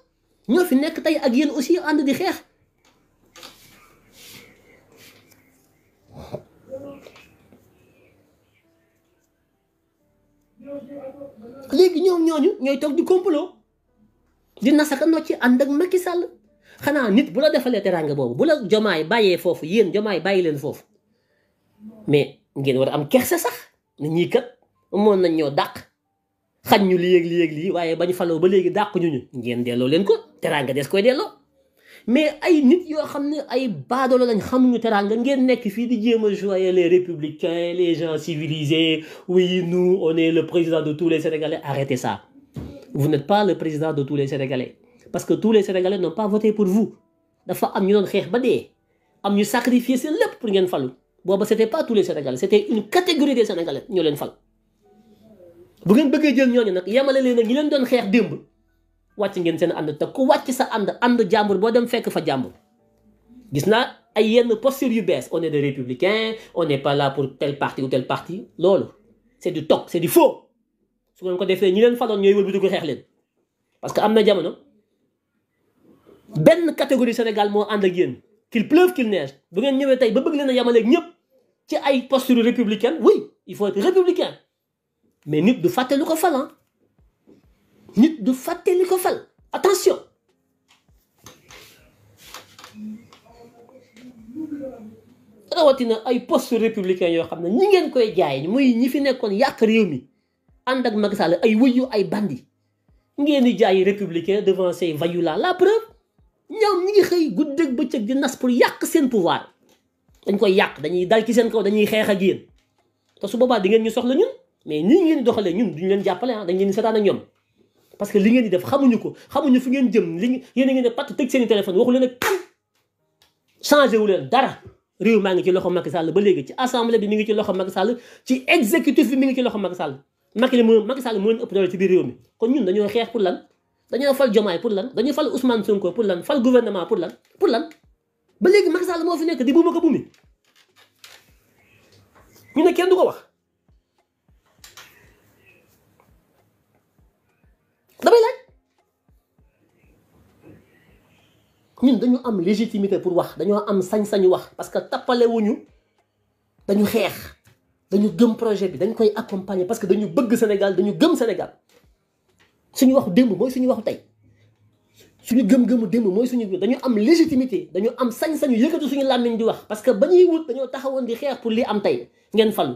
ñoo fi nekk tey ak yéen aussi ànd di xeex léegi ñoom ñooñu ñooy toog di complot di nasaka noo ci ànd ak Macky Sall xanaa nit bu la defalee teraanga boobu bu la jomaay bàyyee foofu yéen jomaay bàyyi leen foofu mais ngeen war a am kersa sax na ñii kat moon nañ ñoo dàq li ak ba ñu ñu des mais ay nit yo xamne ay lañ teranga ngeen nek fi di les républicains les gens civilisés oui nous on est le président de tous les sénégalais arrêtez ça vous n'êtes pas le président de tous les sénégalais parce que tous les sénégalais n'ont pas voté pour vous dafa am ñu ba sacrifier pour c'était pas tous les sénégalais c'était une catégorie des sénégalais bu ngeen bëggee jël ñooñu nag yemale leen nag ñi leen doon xeex démb wàcc ngeen seen ànd te ku wàcc sa ànd ànd jàmbur boo dem fekk fa jàmbur gis naa ay yenn posture yu bees on est des républicains on n'est pas là pour tel parti ou tel parti loolu c'est du toc c'est du faux su ngeen ko defee ñi leen faloon ñooy wëlbatiku xeex leen parce que am na jamono benn catégorie Sénégal moo ànd ak yéen qu'il pleuve qu'il neige bu ngeen ñëwee tey ba bëgg leen a yemaleeg ñëpp ci ay posture républicaine oui il faut être républicain mais nit du fàtte fal de hein. nit du Nous fal attention rawatina ay poste républicain yo ñi ngeen koy jaay muy ñi fi yak mi ak ay bandi devant ces vaillants. là la preuve ñam ñi ngi xey guddeeg Ils di nas pour yak sen pouvoir dañ koy yak dañuy dal ci sen dañuy su di mais nii ngeen di doxalee ñun duñu leen jàppale ah dañ leen di seetaan ak ñoom parce que li ngeen di def xamuñu ko xamuñu fu ngeen jëm li yéen a ngeen ne patt tëj seen i téléphone waxu leen ak wu leen dara réew maa ngi ci loxo Macky Sall ba léegi ci assemblée bi mi ngi ci loxo Macky Sall ci exécutif ngi ci loxo Macky Sall Macky li moo Macky Sall moo leen ëpp doole ci biir réew lan dañoo fal Diomaye pour lan dañoo fal Ousmane Sonko pour lan fal gouvernement pour lan pour lan ba léegi Macky Sall moo fi nekk di buuma ko buumi ñu ne kenn du ko wax damay laaj ñun dañu am légitimité pour wax dañoo am sañ-sañu wax parce que wuñu dañu xeex dañu gëm projet bi dañ koy accompagner parce que dañu bëgg Sénégal dañu gëm Sénégal suñu waxu démb mooy suñu waxu tey suñu gëm-gëmu démb mooy suñu dañu am légitimité dañu am sañ-sañu yëkkatu suñu làmmiñ di wax parce que ba ñuy wut dañoo taxawoon di xeex pour li am tey ngeen falu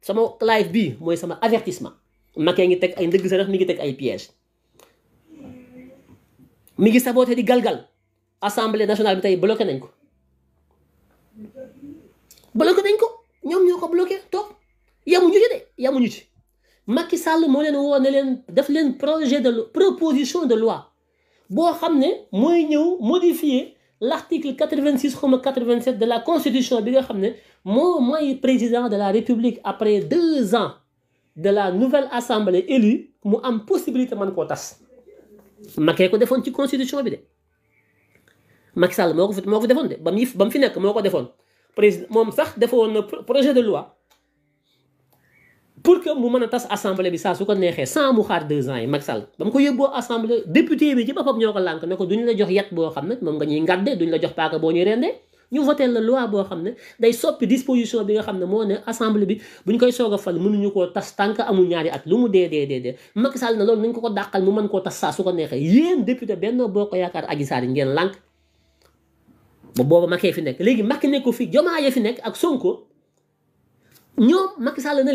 sama live bii mooy sama avertissement Macky ngi teg ay ndëgg sa mi ngi teg ay piège mi ngi saboté di galgal assemblée nationale bi tey bloqué nañ ko bloqué nañ ko ñoom ñoo ko bloqué toog yamuñu ci de yamuñu ci Macky Sall moo leen woo ne leen def leen projet de proposition de loi boo xam ne mooy ñëw modifier l'article 86 comme 87 de la constitution bi nga xam président de la république après deux ans de la nouvelle assemblée élue mu am possibilité man koo tas Macky ko defoon ci constitution bi de Macky Sall Je ko fi moo ko fi defoon de ba mu ba mu fi nekk moo ko defoon président moom sax Je projet de loi pour que mu mën a tas assemblée bi saa su ko neexee sans mu xaar deux ans yi Macky Sall ba mu ko yóbboo assemblée député bi ci boppam ñoo ko lànk ne ko duñu la jox yat boo xam ne moom nga ñuy ngàddee duñu la jox paaka boo ñuy rendee ñu voté la loi boo xam ne day soppi disposition bi nga xam ne moo ne assemblée bi bu ñu koy soog fa fal mënuñu koo tas tànk amul ñaari at mu dee dee dee dee Macky Sall na loolu nañ ko ko dàqal mu mën koo tas saa su ko neexee yéen député Benno Bokk Yaakaar Adji Sarr yi ngeen lànk ba booba Macky fi nekk léegi Macky nekku fi Diomaye fi nekk ak Sonko ñoom Macky Sall na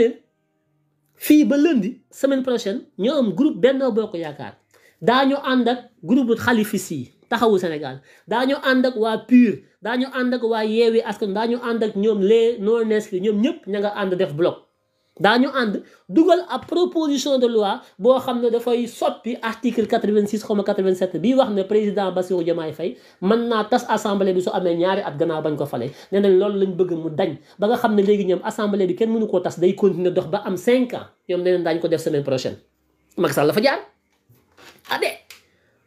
fii ba lundi semaine prochaine ñoo am groupe Benno Bokk Yaakaar daañu ànd ak groupe xalifis yi taxawu Sénégal daañu ànd ak waa PUR daañu ànd ak waa Yewwi Askan ñu ànd ak ñoom les non inscrits ñoom ñëpp ña nga ànd def bloc. daa ñu ànd dugal ab proposition de loi boo xam ne dafay soppi article 86 xaw ma 87 bii wax ne président Bassirou Diomaye Faye mën naa tas assemblée bi su amee ñaari at gannaaw bañ ko fale nee nañ loolu lañ bëgg mu dañ ba nga xam ne léegi ñoom assemblée bi kenn mënu koo tas day continuer dox ba am 5 ans ñoom nee nañ daañu ko def semaine prochaine Macky la fa jaar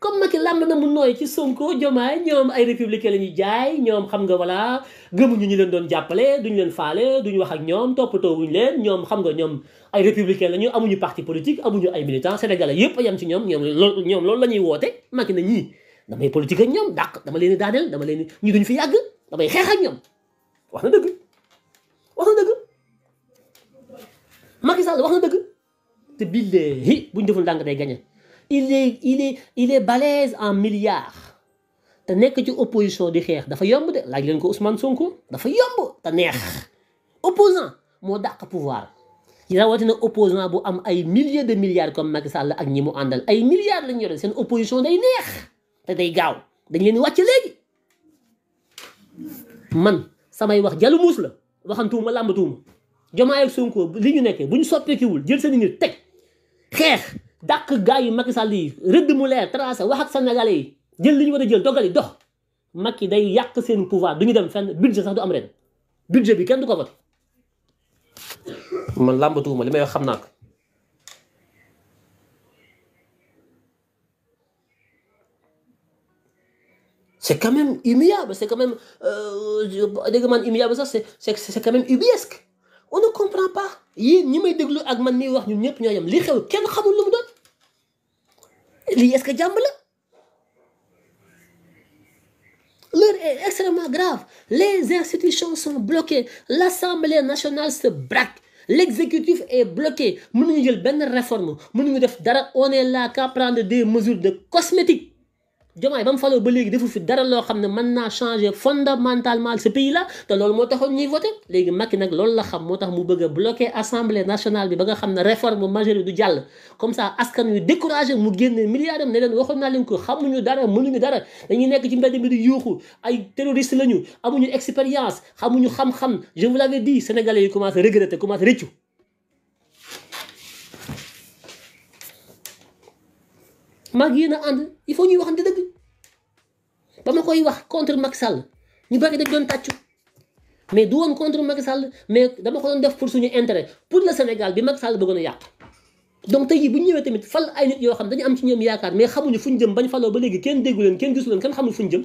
comme Macky làmb na mu nooy ci Sonko Diomaye ñoom ay républicain la ñuy jaay ñoom xam nga voilà gëmuñu ñu leen doon jàppale duñ leen faale duñ wax ak ñoom toppatoo wuñ leen ñoom xam nga ñoom ay républicain la ñu amuñu parti politique amuñu ay militant sénégalais yëpp a yem ci ñoom ñoom loolu ñoom loolu la ñuy woote na ñii damay politique ak ñoom dàq dama leen di daaneel dama leen ñu duñ fi yàgg damay xeex ak ñoom wax na dëgg wax na dëgg Macky Sall wax na dëgg buñ deful ndànk day il est il est il est balèze en milliards te nekk ci opposition di xeex dafa yomb de laaj leen ko Ousmane Sonko dafa yomb te neex opposant moo dàq pouvoir rawatina opposant bu am ay milliers de milliards comme Macky Sall ak ñi Andal àndal ay milliards lañ yore seen opposition day neex te day gaaw dañ leen wàcc léegi man samay wax jalu muus la waxantuuma làmbatuuma Diomaye ak Sonko li ñu nekkee bu ñu soppeekiwul jël seen nit teg xeex dàq gaay yu Macky Sall yi rëdd mu leer tracé wax ak Sénégalais yi jël li ñu war a jël dogali dox Macky day yàq seen pouvoir du ñu dem fenn budget sax du am ren budget bi kenn du ko vote man làmbatuwuma li may wax xam naa ko c'est quand même humiliable c'est quand même euh, dégg man humiliable sax c'est c'est quand même ubiesque on ne comprend pas yii ñi may déglu ak man ni wax ñun ñëpp ñoo yem li xew kenn xamul lu mu doon lii est-ce que jàmb la l'heure est extrêmement grave les institutions sont bloquées l'Assemblée nationale se braque l'exécutif est bloqué mënuñu jël benn réforme mënuñu def dara on est là à prendre des mesures de cosmétique jomaay ba mu faloo ba léegi deful fi dara loo xam ne mën naa changer fondamentalement ce pays là te loolu moo taxoon ñuy voté léegi Macky nag loolu la xam moo tax mu bëgg a bloquer assemblée nationale bi ba nga xam ne réforme majeure du jàll comme ça askan wi découragé mu génne milliard am ne leen waxoon naa leen ko xamuñu dara mënuñu dara dañuy nekk ci mbedd mi di yuuxu ay terroriste lañu amuñu expérience xamuñu xam-xam je vous l'avais dit sénégalais yi commencé regretter commencé rëccu mag yéen a ànd il faut ñuy waxante dëgg ba ma koy wax contre Macky Sall ñu bari dañ doon tàccu mais du woon contre Macky Sall mais dama ko doon def pour suñu intérêt pour le Sénégal bi Macky Sall bëggoon yàq donc tey jii bu ñu ñëwee tamit fal ay nit yoo xam dañu am ci ñoom yaakaar mais xamuñu fu jëm bañ faloo ba léegi kenn déggu kenn gisu leen kenn xamul fu jëm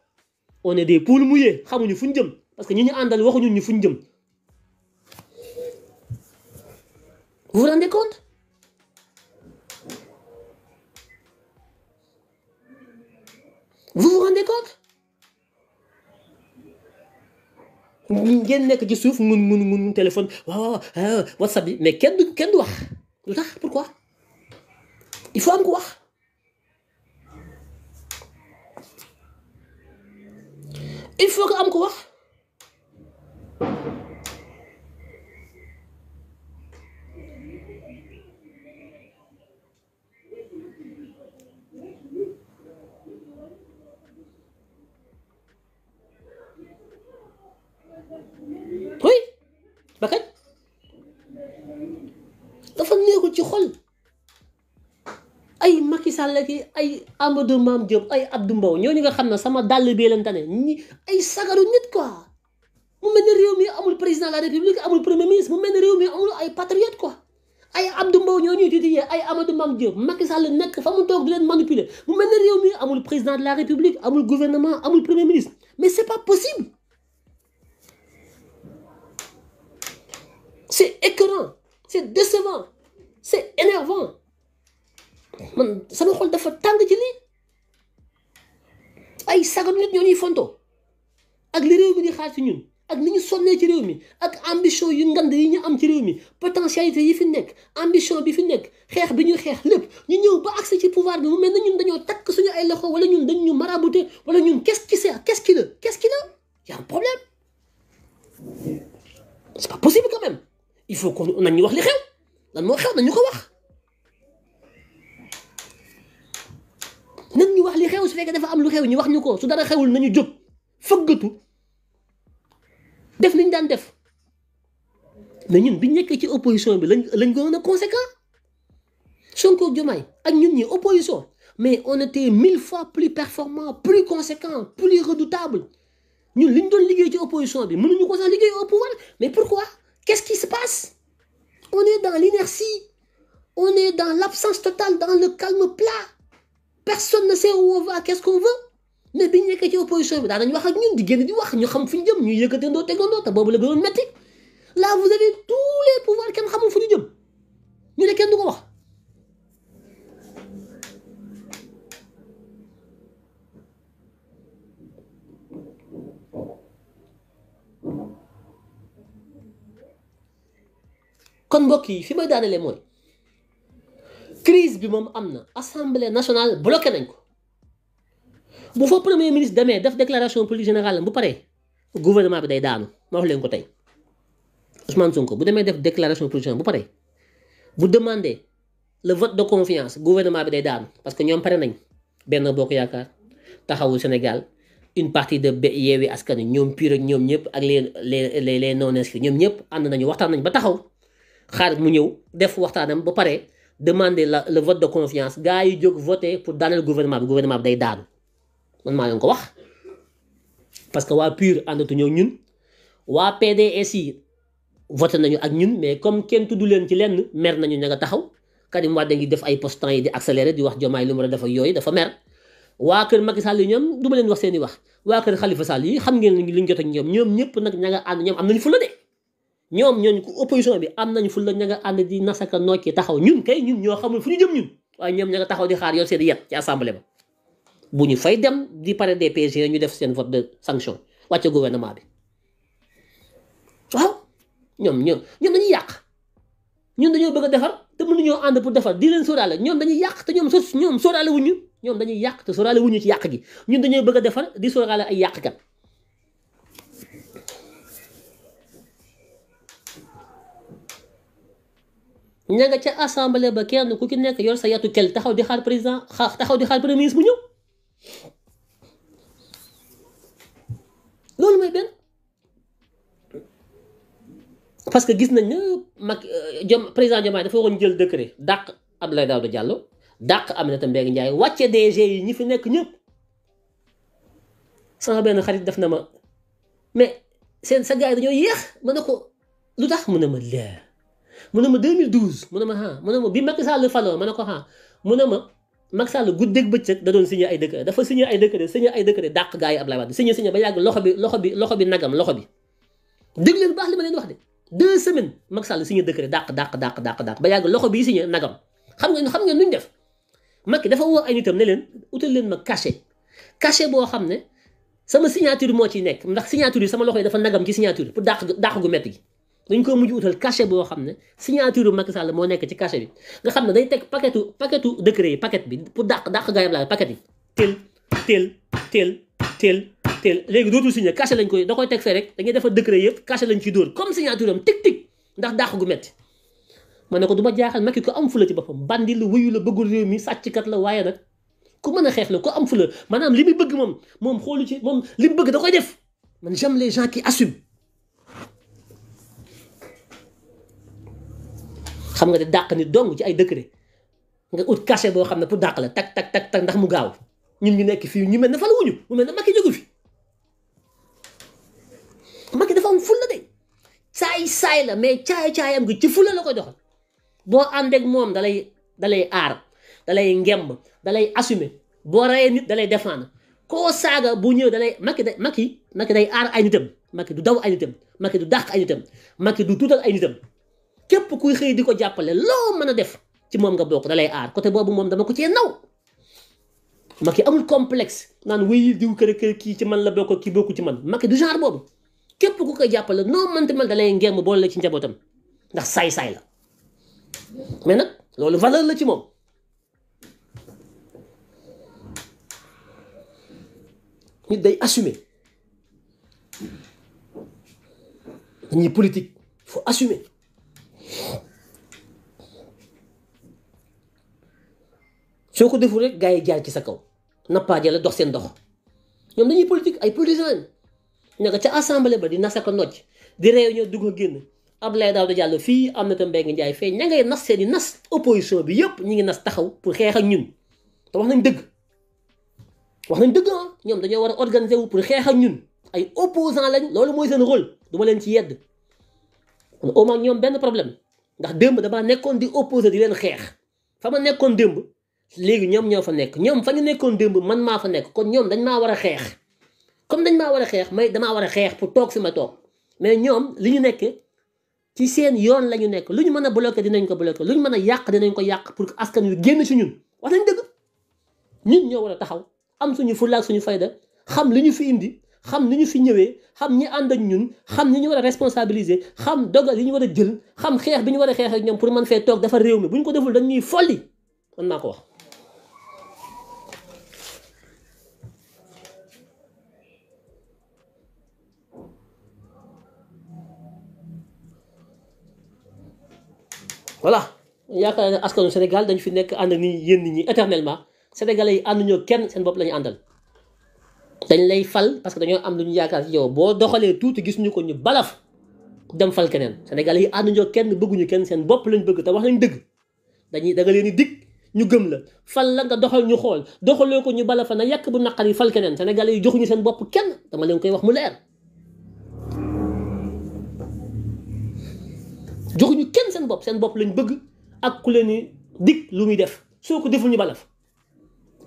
on est des poules mouillées parce que ñi vous vous rendez compte vous vous rendez compte téléphone whatsapp mais qu'est-ce que vous wax pourquoi il faut un ko il faut que am ko wax oui ba kañ dafa neexul ci xol Sall ki ay Amadou Mamdiob, Diop ay Abdou Mbow ñooñu nga xamna sama dal bi lan tane ay sagaru nit quoi mu mel ne mi amul président de la république amul premier ministre mu melni ne mi amul ay patriote quoi ay Abdou mbaw ñoo ay Amadou mam Diop Macky Sall nekk fa mu di leen manipuler mu melni mi amul président de la république amul gouvernement amul premier ministre mais c'est pas possible c'est écœurant c'est décevant c'est énervant man sama xol dafa tàng ci lii ay sagam nit ñoo ñuy fonto ak li réew mi di xaar ci ñun ak ni ñu sonnee ci réew mi ak ambition yu ngand yi ñu am ci mi potentialité yi fi ambition bi fi nekk xeex bi ñu xeex lépp ñu ñëw ba accès ci pouvoir bi mu mel na ñun dañoo takk suñu ay loxo wala marabouté wala ñun qu'est-ce qui c'est qu'est-ce qui la qu'est-ce qui la y a un problème c'est pas possible quand même il faut qu'on nañ ñu wax li xew lan moo xew Nous ñu wax li xew su dafa am lu xew ñu wax ñu su dara xewul nañu def def mais ñun bi opposition bi lañ lañ conséquent ak ñun ñi opposition mais on était mille fois plus performant plus conséquent plus redoutable Nous, li doon opposition bi nous ko sax pouvoir mais pourquoi qu'est-ce qui se passe on est dans l'inertie on est dans l'absence totale dans le calme plat personne ne sait où on va qu'est-ce qu'on veut mais bien que opposition bi daan wax ñun di génn di wax ñu xam fu jëm ñu yëkkatandoo tegandoo te là vous avez tous les pouvoirs qui xamul fu jëm ñu kenn du ko wax. kon fi may crise bi moom am assemblée nationale bloqué nañ ko bu fa premier ministre demee def déclaration politique générale bu paré gouvernement bi day daanu ma wax leen ko tay Ousmane Sonko bu demee def déclaration politique générale bu paré bu demandé le vote de confiance gouvernement bi day daanu parce que ñom paré nañ ben bokk yaakaar taxawu Sénégal une partie de yewi Askan ñom pire ak ñoom ñëpp ak les les les non inscrits ñom ñëpp and nañu waxtaan nañ ba taxaw xaar mu ñew def waxtaanam ba paré demander la le vote de confiance gars yi jóg voté pour daaneel gouvernement bi gouvernement bi day daanu man maa leen ko wax parce que waa PUR àndatuñoo ñun waa PDS yi voté nañu ak ñun mais comme kenn tudd leen ci lenn mer nañu ña nga taxaw Karim Wade ngi def ay postes yi di accéléré di wax jomaay lu mu war a def ak yooyu dafa mer. waa kër Macky Sall yi ñoom du ma leen wax seeni wax wa kër Khalifa Sall yi xam ngeen li ñu jot ak ñom ñom ñepp nak ña nga ànd ñoom am fu la de. ñoom ñooñu opposition bi am nañu ful la ña nga ànd di nasaka nokki taxaw ñun kay ñun ñoo xamul fu ñu jëm ñun waaye ñoom ña nga taxaw di xaar yoon seen i yet ci assemblée ba bu ñu fay dem di pare des DPG ñu def seen vote de sanction wàcce gouvernement bi waaw ñoom ñoom ñoom dañuy yàq ñun dañoo bëgg a defar te mënuñoo ànd pour defar di leen sóoraale ñoom dañuy yàq te ñoom ñoom sóoraale wuñu ñoom dañuy yàq te sóoraale wuñu ci yàq gi ñun dañoo bëgga defar di sóoraale ay yàqkat نيغا تي اسامبلي با كين كو كي نيك يور سا ياتو كيل تاخاو دي خال بريزان خا تاخاو دي خال بريميس بو نيو لول ماي بن باسكو غيس نان ماك جوم بريزان جوماي دا فورون جيل دكري داك عبد الله داودو جالو داك امينتا مبيغ نجاي واتي دي جي ني في نيك نيب سا بن خريط دفنا ما مي سين سا غاي دا ييخ منكو لوتاخ منما لا mun ne ma 2012 mu ne ma ah mu ne ma bi Macky Sall faloo ma ne ko ah mu ne ma da doon signé ay décret dafa signé ay décret signé ay décret dàq gars yi Abdoulaye Wade signé signé ba yàgg loxo bi loxo bi loxo bi nagam loxo bi dégg leen baax li ma leen wax de deux semaines Macky Sall signé décret dàq dàq dàq dàq dàq ba yàgg loxo bi signé nagam xam nga xam ngeen nuñ def Macky dafa woo ay nitam ne leen utal leen ma cachet cachet boo xam ne sama signature moo ci nekk ndax signature yi sama loxo yi dafa nagam ci signature pour dàq dàq gu métti gi dañ ko mujj utal cachet boo xam ne signature Macky Sall moo nekk ci cachet bi nga xam ne day teg paquetu paquetu décret yi paquet bi pour dàq dàq gaayam laa paquet yi tel tel tel tel tel léegi dootul signé cachet lañ koy da koy teg fee rek dangay defal defar décret yëpp cachet lañ ci dóor comme signature am tig tig ndax dàq gu metti ma ne ko du ma jaaxal Macky ko am fula ci boppam bandi la wuyu la bëggul réew mi kat la waaye nag ku mën a xeex na ku am fula maanaam li muy bëgg moom moom xoolu ci moom li bëgg da koy def man j'aime les gens qui xam nga ne dàq ni dong ci ay décret nga ut cachet boo xam ne pour dàq la tak tak tak tak ndax mu gaaw ñun ñu nekk fii ñu mel ne fal wuñu mu mel ne Macky jógu fi saay la mais caay caayam gi ci fulla la koy doxal boo ànd ak moom dalay dalay aar dalay ngemb dalay assumer boo reyee nit dalay défendre koo saaga bu ñëw dalay Macky da Macky Macky day aar ay nitam Macky du daw ay nitam Macky du dàq ay nitam Macky du tuutal ay nitam képp kuy xëy di ko jàppale loo mën a def ci moom nga bokk dalay aar côté boobu moom dama ko cee naw Macky amul complex naan wéy diw kër kër kii ci man la bokk ki bokku ci man Macky du genre boobu képp ku koy jàppale noo mënti man dalay ngeem boole la ci njabootam ndax saay-saay la mais nag loolu valeur la ci moom nit day assumer ñi politique faut assumer soo ko deful rek gars yi jaar ci sa kaw nappaaje la dox seen dox ñoom dañuy politique ay politiciens naka ca assemblée ba di nas ak a nocc di réunion dugg a génn daal Daouda jàll fii am Aminata Mbengue njaay fee ña ngay nas seen yi nas opposition bi yëpp ñu ngi nas taxaw pour xeex ak ñun te wax nañ dëgg wax nañ dëgg ah ñoom dañoo war a organiser wu pour xeex ak ñun ay opposants lañ loolu mooy seen rôle duma leen ci yedd kon Oman ñoom benn problème ndax demb dama nekkon di opposé di len xex fama nekkon demb légui léegi ñoom ñoo fa nekk ñoom fa ñu nekkon demb man ma fa nekk kon ñoom dañ maa wara xex comme dañ ma wara xex may dama wara xex pour tok fi ma tok mais ñoom li ñu nekk ci seen yoon lañu nekk lu ñu mën a bloqué dinañ ko bloqué lu ñu mën a yàq dinañ ko yàq pour que askan wi génn ci ñun wax nañ dëgg ñun ñoo war a taxaw am suñu fulla ak suñu fayda xam li ñu fi indi xam ni ñu fi ñëwé xam ñi ànd ak ñun xam ni ñu war responsabiliser xam dogal li ñu wara jël xam xex bi ñu wara xex ak ñom pour man fé tok dafa réew mi buñ ko deful dañuy folli man maa ko wax. voilà yaaka askanu Sénégal dañ fi nekk and ak ni yéen nit ñi éternellement sénégalais yi andu ñoo kenn seen bopp lañu andal dañ lay fal parce que dañoo am lu ñu yaakaar ci yow boo doxalee tuuti gis ñu ko ñu balaf dem fal keneen Sénégal yi ñoo kenn bëgguñu kenn seen bopp lañ bëgg te wax lañ dëgg dañuy da nga leen di dig ñu gëm la fal la nga doxal ñu xool doxaloo ko ñu balafa na yak bu naqar yi fal keneen Sénégal yi joxuñu seen bopp kenn dama leen koy wax mu leer joxuñu kenn seen bopp seen bopp lañ bëgg ak ku leen di dig lu muy def soo ko deful ñu balaf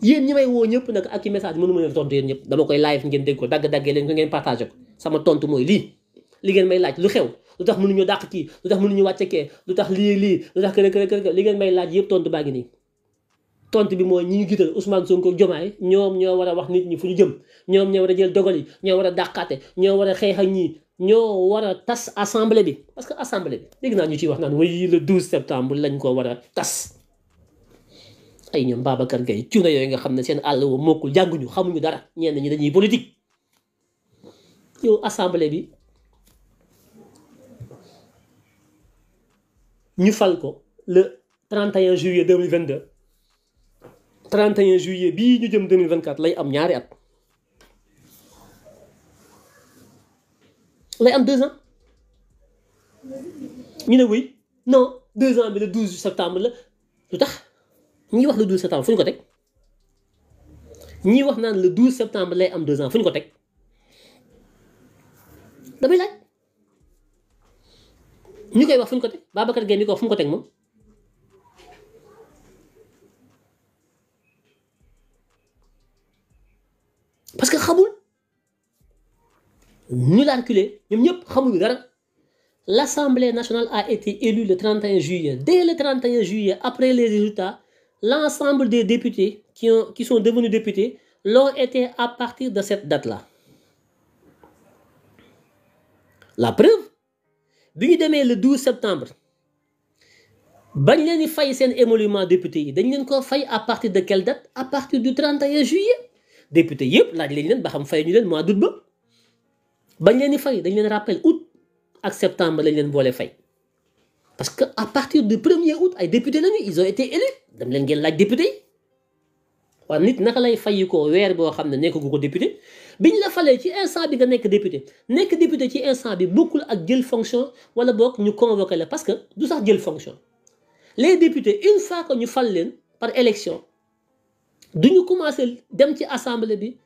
yéen ñi may woo ñëpp nag ak i message mënu ma leen tontu yéen ñëpp dama koy live ngeen dégg ko dagg-daggee leen ko ngeen partagé ko sama tontu mooy lii li ngeen may laaj lu xew lu tax ñu dàq kii lu tax mënuñu wàcce kee lii lii lu tax kër kër kër li ngeen may laaj yëpp tontu baa ngi nii tontu bi mooy ñi ñu gital Ousmane Sonko Diomaye ñoom ñoo war a wax nit ñi fu ñu jëm ñoom ñoo war a jël dogal yi ñoo war a dàqaate ñoo war a xeex ak ñii ñoo war a tas assemblée bi parce que assemblée bi dégg ñu ciy wax naan wéy le lañ ko war tas ay ñoom gay Gueye cuuna yoy nga xam ne seen àll wa mokkul jànguñu xamuñu dara ñenn ñi dañuy politique yo assemblée bi ñu fal ko le 31 juillet 2022 31 juillet bi ñu jëm 2024 lay am ñaari at lay am deux ans ñu ne wuy non deux ans bi le 12 septembre la à tax nous wax le 12 septembre nous ko teg wax naan le 12 septembre lay am deux ans fu ñu ko teg damay laaj ñu koy wax fu ko teg Babacar Gueye mi ko wax ko teg moom. parce que xamul ñu ñoom ñëpp dara l'Assemblée nationale a été élue le 31 juillet dès le 31 juillet après les résultats l'ensemble des députés qui, ont, qui sont devenus députés l'ont été à partir de cette date-là. La preuve, le 12 septembre bañ leen di fay seen émolument député députés. dañ à partir de quelle date à partir du 31 juillet député yep, la lañ fait ba fay mois d'août ba bañ leen fay rappel août ak septembre lañ leen boole fay parce qu'à partir du 1er août les député nuit, ils ont été élus dem leen été laaj député yi waaw nit naka lay été élus weer boo xam ne nekk gu ko député biñ la falee ci instant bi nga nekk député nekk député ci instant bi bokkul ak jël fonction wala boog ñu convoquer parce que du sax jël fonction les députés une fois que ñu fal leen par élection du ñu commencer dem ci assemblée bi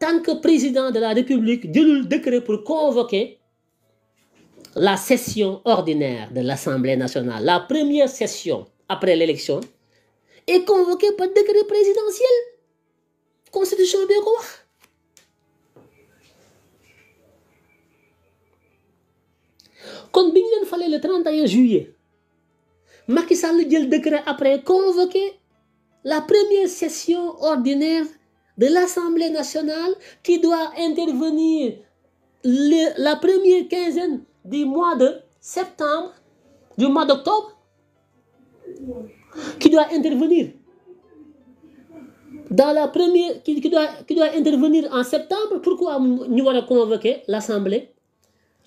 tant que président de la république jëlul décret pour convoquer la session ordinaire de l'Assemblée nationale, la première session après l'élection, est convoquée par décret présidentiel. Constitution de roi. Quand Quand fallait le 31 juillet Macky Sall décret après convoquer la première session ordinaire de l'Assemblée nationale qui doit intervenir la première quinzaine du mois de septembre, du mois d'octobre, qui doit intervenir. Dans la première, qui, doit, intervenir en septembre, pourquoi nous allons convoquer l'Assemblée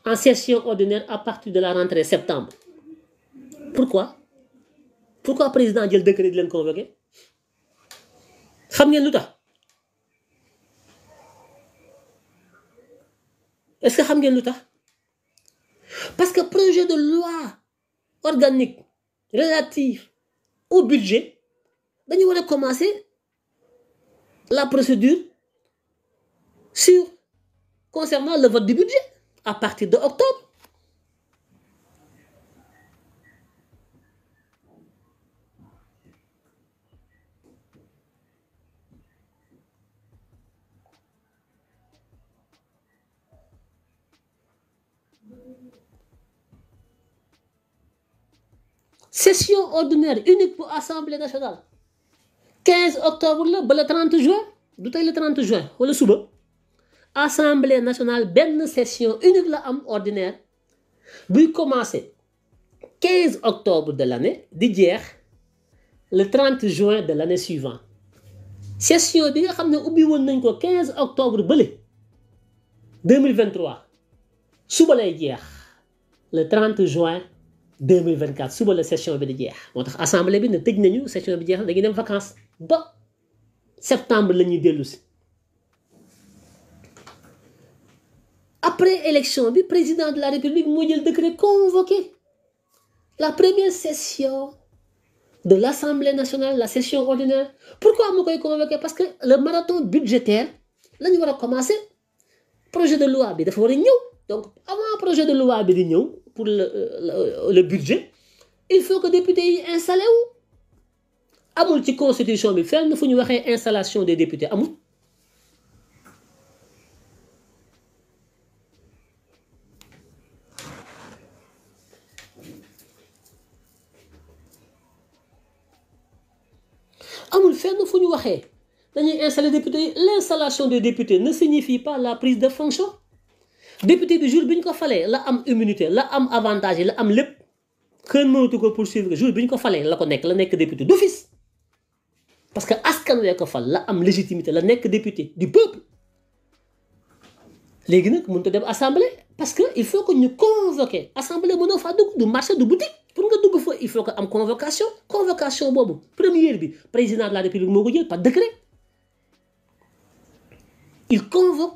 en session ordinaire à partir de la rentrée septembre Pourquoi Pourquoi le président a dit le de l'en convoquer Est-ce que vous savez parce que projet de loi organique relatif au budget, nous allons commencer la procédure sur concernant le vote du budget à partir de octobre. session ordinaire unique pour l'Assemblée nationale 15 octobre le 30 juin D'où le 30 juin le suba assemblée nationale session unique ordinaire commence commencer 15 octobre de l'année d'hier le 30 juin de l'année suivante session bi 15 octobre 2023 le 30 juin. 2024 sous la session bi di jeex moo assemblée bi ne tej nañu session bi jeex dañuy dem vacances ba septembre lundi ñuy après élection bi président de la république a jël décret convoqué la première session de l'assemblée nationale la session ordinaire pourquoi mo koy convoqué parce que le marathon budgétaire là, wara va commencer. projet de loi bi dafa wara donc avant projet de loi bi di ñëw pour euh, le, budget il faut que député y installé à multi ci constitution bi faire nous ñu installation des députés À nous faire nous ñu dañuy installer député l'installation des députés ne signifie pas la prise de fonction député bi jour biñ ko falé la am immunité la am avantage la am lépp keen mënatu ko poursuivre jour biñ ko falé la ko nek la nek député d'office parce que askan wee ko fal la am légitimité la nek député du peuple léegi nag mënut a dem assemblée parce que il faut que ñu convoquer assemblée mëno fa dugg du marché du boutique pour nga dugg fa il faut que am convocation convocation bobu première bi président de la république moko jël par décret il convoque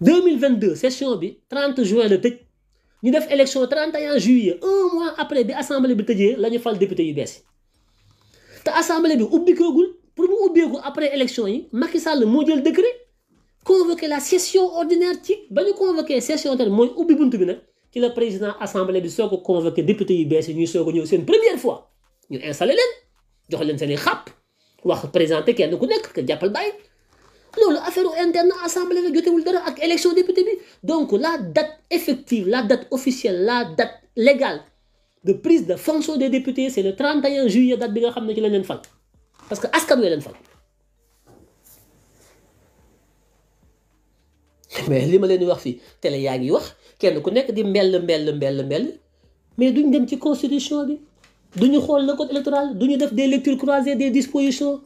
2022 session bi 30 juin la tëj ñu def élection 31 juillet un mois après l'assemblée assemblée bi tëjee la fal député yu bees yi assemblée bi ubbikoogul pour mu ubbeeku après élection yi Macky Sall moo jël décret convoqué la session ordinaire ci ba ñu session ordinaire mooy ubbi bunt bi nag de la président assemblée bi soo convoqué député yu nous yi ñuy soog première fois ñu installé leen jox leen seen i wax présenté kenn ku lolu affaire interne assemblée la jotewul dara ak élection député bi donc la date effective la date officielle la date légale de prise de fonction des députés c'est le 31 juillet date bi nga xamné ci lañ leen fal parce que askan wi leen fal mais les ma leen wax fi télé yaa wax kenn ku nekk di mbell mbell mbell mbell mais duñ dem ci constitution bi duñu xol le code électoral duñu def des lectures croisées des dispositions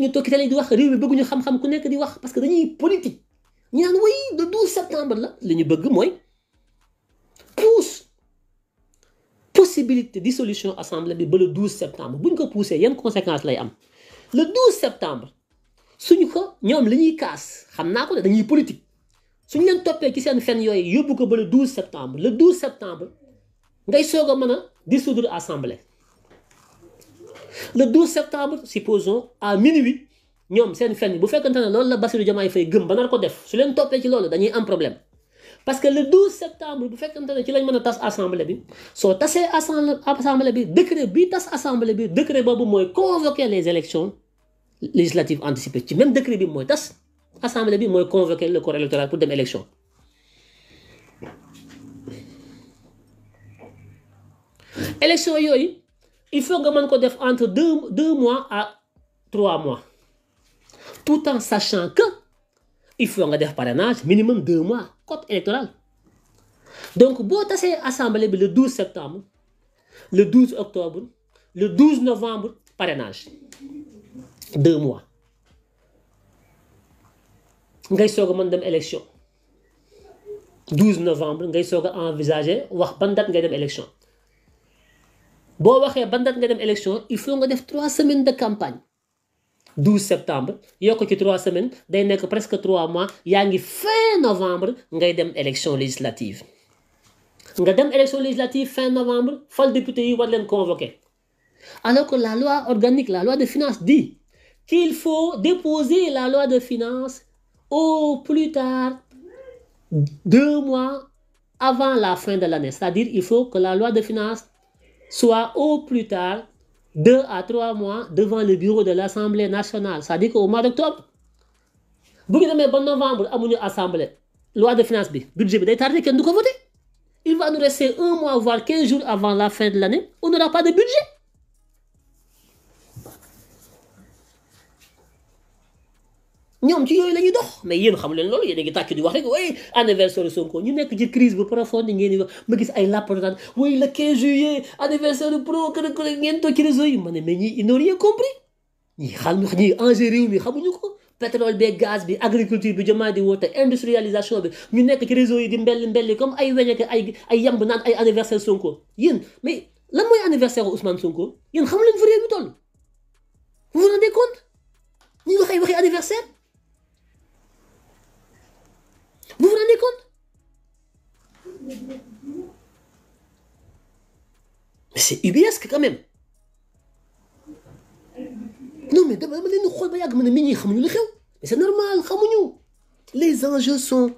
ñu di parce que politique le 12 septembre la li bëgg mooy possibilité dissolution assemblée bi le 12 septembre buñ ko poussé conséquences lay am le 12 septembre suñu ko ñoom ñuy kaas ko politique leen ci le 12 septembre le 12 septembre ngay dissoudre assemblée le 12 septembre supposons à minuit ñom seen fenn bu fekkante ne loolu la Bassirou Diomaye fay gëm ba nar ko def su leen toppee ci loolu dañuy am problème parce que le 12 septembre bu fekkante ne ci lañ mën a tas assemblée bi soo tasee assemblée bi décret bi tas assemblée bi décret boobu mooy convoquer les élections législatives anticipées ci même décret bi mooy tas assemblée bi mooy convoquer le corps électoral pour dem élection Élections yooyu il faut que vous ko entre deux mois à trois mois tout en sachant que il faut un parrainage minimum deux mois code électorale. donc si vous assemblée le 12 septembre le 12 octobre le 12 novembre parrainage deux mois vous avez a une 12 novembre vous avez a envisager wax élection Bon waxe ban nga dem élection il faut nga def trois semaines de campagne 12 septembre il yoko ci trois semaines day nek presque trois mois y a fin novembre ngay dem élection législative nga dem élection législative fin novembre fal député yi war len convoquer alors que la loi organique la loi de finances dit qu'il faut déposer la loi de finances au plus tard deux mois avant la fin de l'année c'est-à-dire qu'il faut que la loi de finances soit au plus tard deux à trois mois devant le bureau de l'Assemblée nationale. Ça dit qu'au mois d'octobre, vous avez de bon novembre mon assemblée loi de finances, budget bi il va nous rester un mois voire 15 jours avant la fin de l'année on n'aura pas de budget ñoom ci yoy la dox mais yeen xam leen loolu yéen a ngi tàcc di wax rek way anniversaire Sonko ñu nekk ci crise bu profonde ngeen di wax ma gis ay lappataat way le 15 juillet anniversaire pro kër ko ngeen toog ci réseau yi ma ne mais ñi ils n'ont rien compris ñi xam ñi enjeu réew mi xamuñu ko pétrole bi gaz bi agriculture bi jëmaa di woote industrialisation bi ñu nekk ci réseau yi di mbell mbelli comme ay weñeke ay ay yamb naan ay anniversaire Sonko yeen mais lan moy anniversaire Ousmane Sonko yeen xam leen fu réew mi toll vous vous rendez compte ñu wax ay waxi anniversaire vous vous rendez compte Mais c'est ubiesque quand même. Non, mais c'est normal, les enjeux sont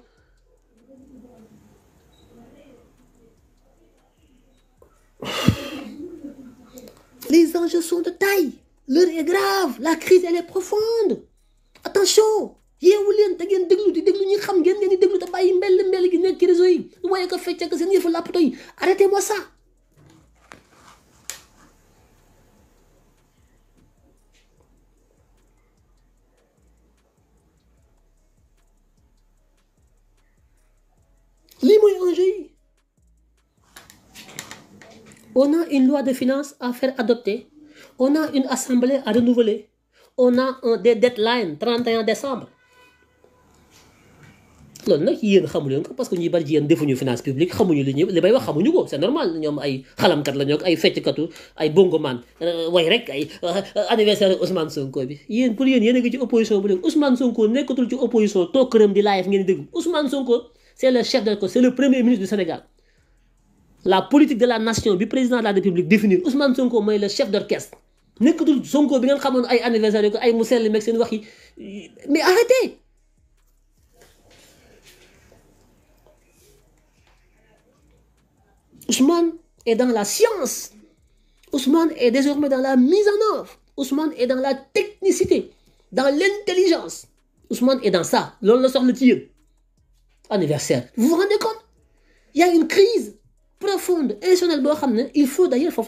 Les enjeux sont de taille. L'heure est grave. La crise, elle est profonde. Attention yeewu leen te ngeen déglu di déglu ñi xam ngeen de di déglu te bàyyi mbell mbell gi nekk réseau yi waye ko fecc ak seen yefu làppato yi arrêtez moi ça lii mooy enjeu yi on a une loi de finances à faire adopter on a une assemblée à renouveler on a un des deadlines 31 décembre loolu nag yéen xamu leen ko parce que ñuy bari ci yéen defuñu finance publique xamuñu li ñu li may wax xamuñu ko c'est normal ñoom ay xalamkat la ñoo ay fecckatu ay bongoman euh, way rek ay euh, anniversaire Ousmane Sonko bi yéen pour yéen yéen a ngi ci opposition bu léegi Ousmane Sonko nekkatul ci opposition toog këram di live ngeen déglu Ousmane Sonko c'est le chef de ko c'est le premier ministre du Sénégal la politique de la nation bi président de la République définir Ousmane Sonko mooy le chef d'orchestre nekkatul Sonko bi ngeen xamoon ay anniversaire ko ay mu sell meeg seen wax yi mais arrêtez Ousmane est dans la science. Ousmane est désormais dans la mise en œuvre. Ousmane est dans la technicité, dans l'intelligence. Ousmane est dans ça. L'on le sort le tir. Anniversaire. Vous vous rendez compte Il y a une crise profonde, Il faut d'ailleurs, il faut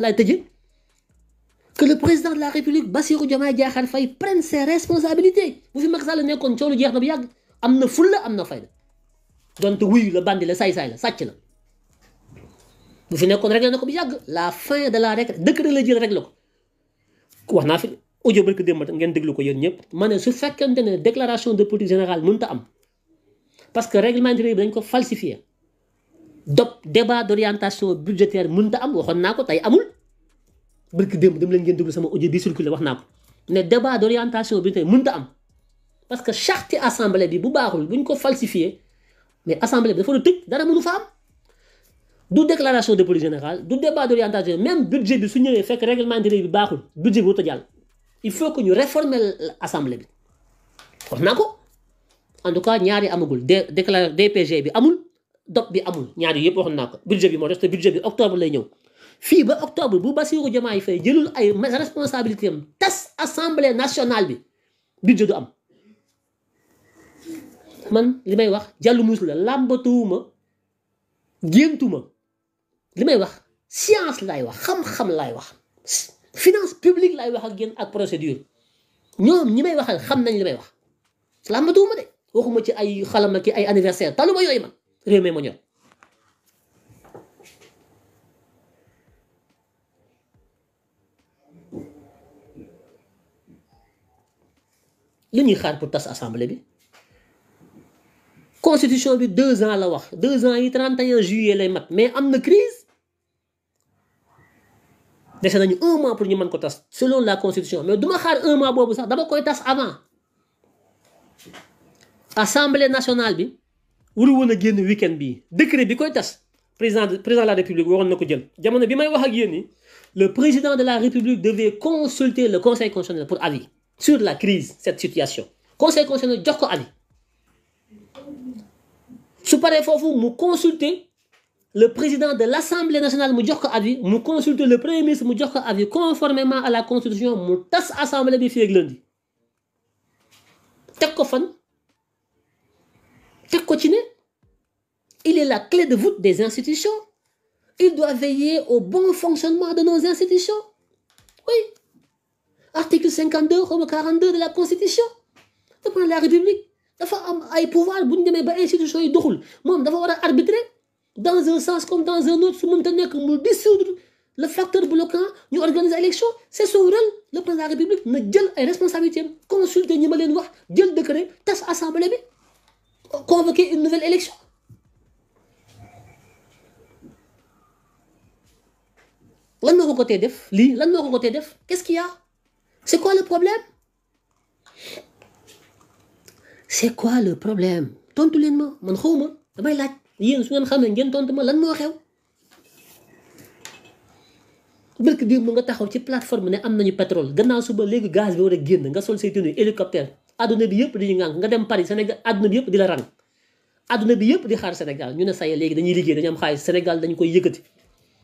que le président de la République, Bassirou Diomaye Diakhar Faye, prenne ses responsabilités. Vous savez, Macky Sall nekkoon le lu jeex na bu yàgg amne na ont fayda. Donc oui, le bandit le saay ça, la C'est bu fi nekkoon rek na ko bu yàgg la fin de la règle décret la jël réglé ko wax naa fi audio barke démb ngeen déglu ko yéen ñëpp ma ne su fekkente ne déclaration de politique générale mënut am parce que règlement intérieur bi dañ ko falsifier dop débat d'orientation budgétaire mënut am waxoon naa ko tey amul barke démb dem leen ngeen déglu sama audio bi circulé wax naa ko ne débat d'orientation budgétaire mënut a am parce que charte assemblée bi bu baaxul buñ ko falsifier mais assemblée bi dafa doon tëj dara mënu fa am du déclaration de police générale du débat d'orientation même budget bi su ñëwee fekk règlement intérieur bi baaxul budget bi wut a il faut que ñu réformer l'assemblée. bi wax naa en tout cas ñaari amagul dé décla DPG bi amul dop bi amul ñaari yëpp waxoon naa ko budget bi moo des budget bi octobre lay ñëw fii ba octobre bu Bassirou Diomaye Faye jëlul ay responsabilité am tas assemblée nationale bi budget du am man li may wax jàllu muus la làmbatuwuma géntuma li may wax science lay wax xam-xam laay wax finance publique laay wax ak yéen ak procédure ñoom ñi may waxal xam nañ li may wax làmbatuwuma de waxuma ci ay xalama ki ay anniversaire taluma yooyu man réew mi ma ñor li ñuy xaar pour tas assemblée bi constitution bi deux ans la wax deux ans yi 31 juillet lay mat mais am na crise y a un mois pour ñu mën ko selon la constitution mais du un mois boobu sax dama koy avant assemblée nationale bi où nous a un week-end Le décret bi koy président président de la république le président de la république devait consulter le conseil constitutionnel pour avis sur la crise cette situation conseil constitutionnel jox ko avis su vous avez mu consulter le président de l'Assemblée nationale mu jox le premier ministre conformément à la constitution nous tas assemblée bi fii T'es lundi ko il est la clé de voûte des institutions il doit veiller au bon fonctionnement de nos institutions oui article 52 comme 42 de la constitution la république faut am ay pouvoir bu ñu demee ba institution yi doxul arbitrer dans un sens comme dans un autre, nous ne comme le dissoudre le facteur bloquant nous organiser l'élection, c'est son rôle le président de la république na responsabilité. ay responsabilité, consulter les ma leen wax décret tas l'Assemblée bi convoquer une nouvelle élection qu'est-ce qu'il y a c'est quoi le problème c'est quoi le problème tontu leen ma man ne sais pas. yéen su ngeen xamee ngeen tontu ma lan moo xew bërk bii mu nga taxaw ci plateforme ne am nañu pétrole gannaaw suba léegi gas bi war a génn nga sol say tenue hélicoptère adduna bi yëpp dañuy ŋànk nga dem Paris Sénégal adduna yëpp di la rang adduna bi yëpp di xaar senegal ñu ne saye léegi dañuy liggéey dañu am xaalis senegal dañu koy yëkkati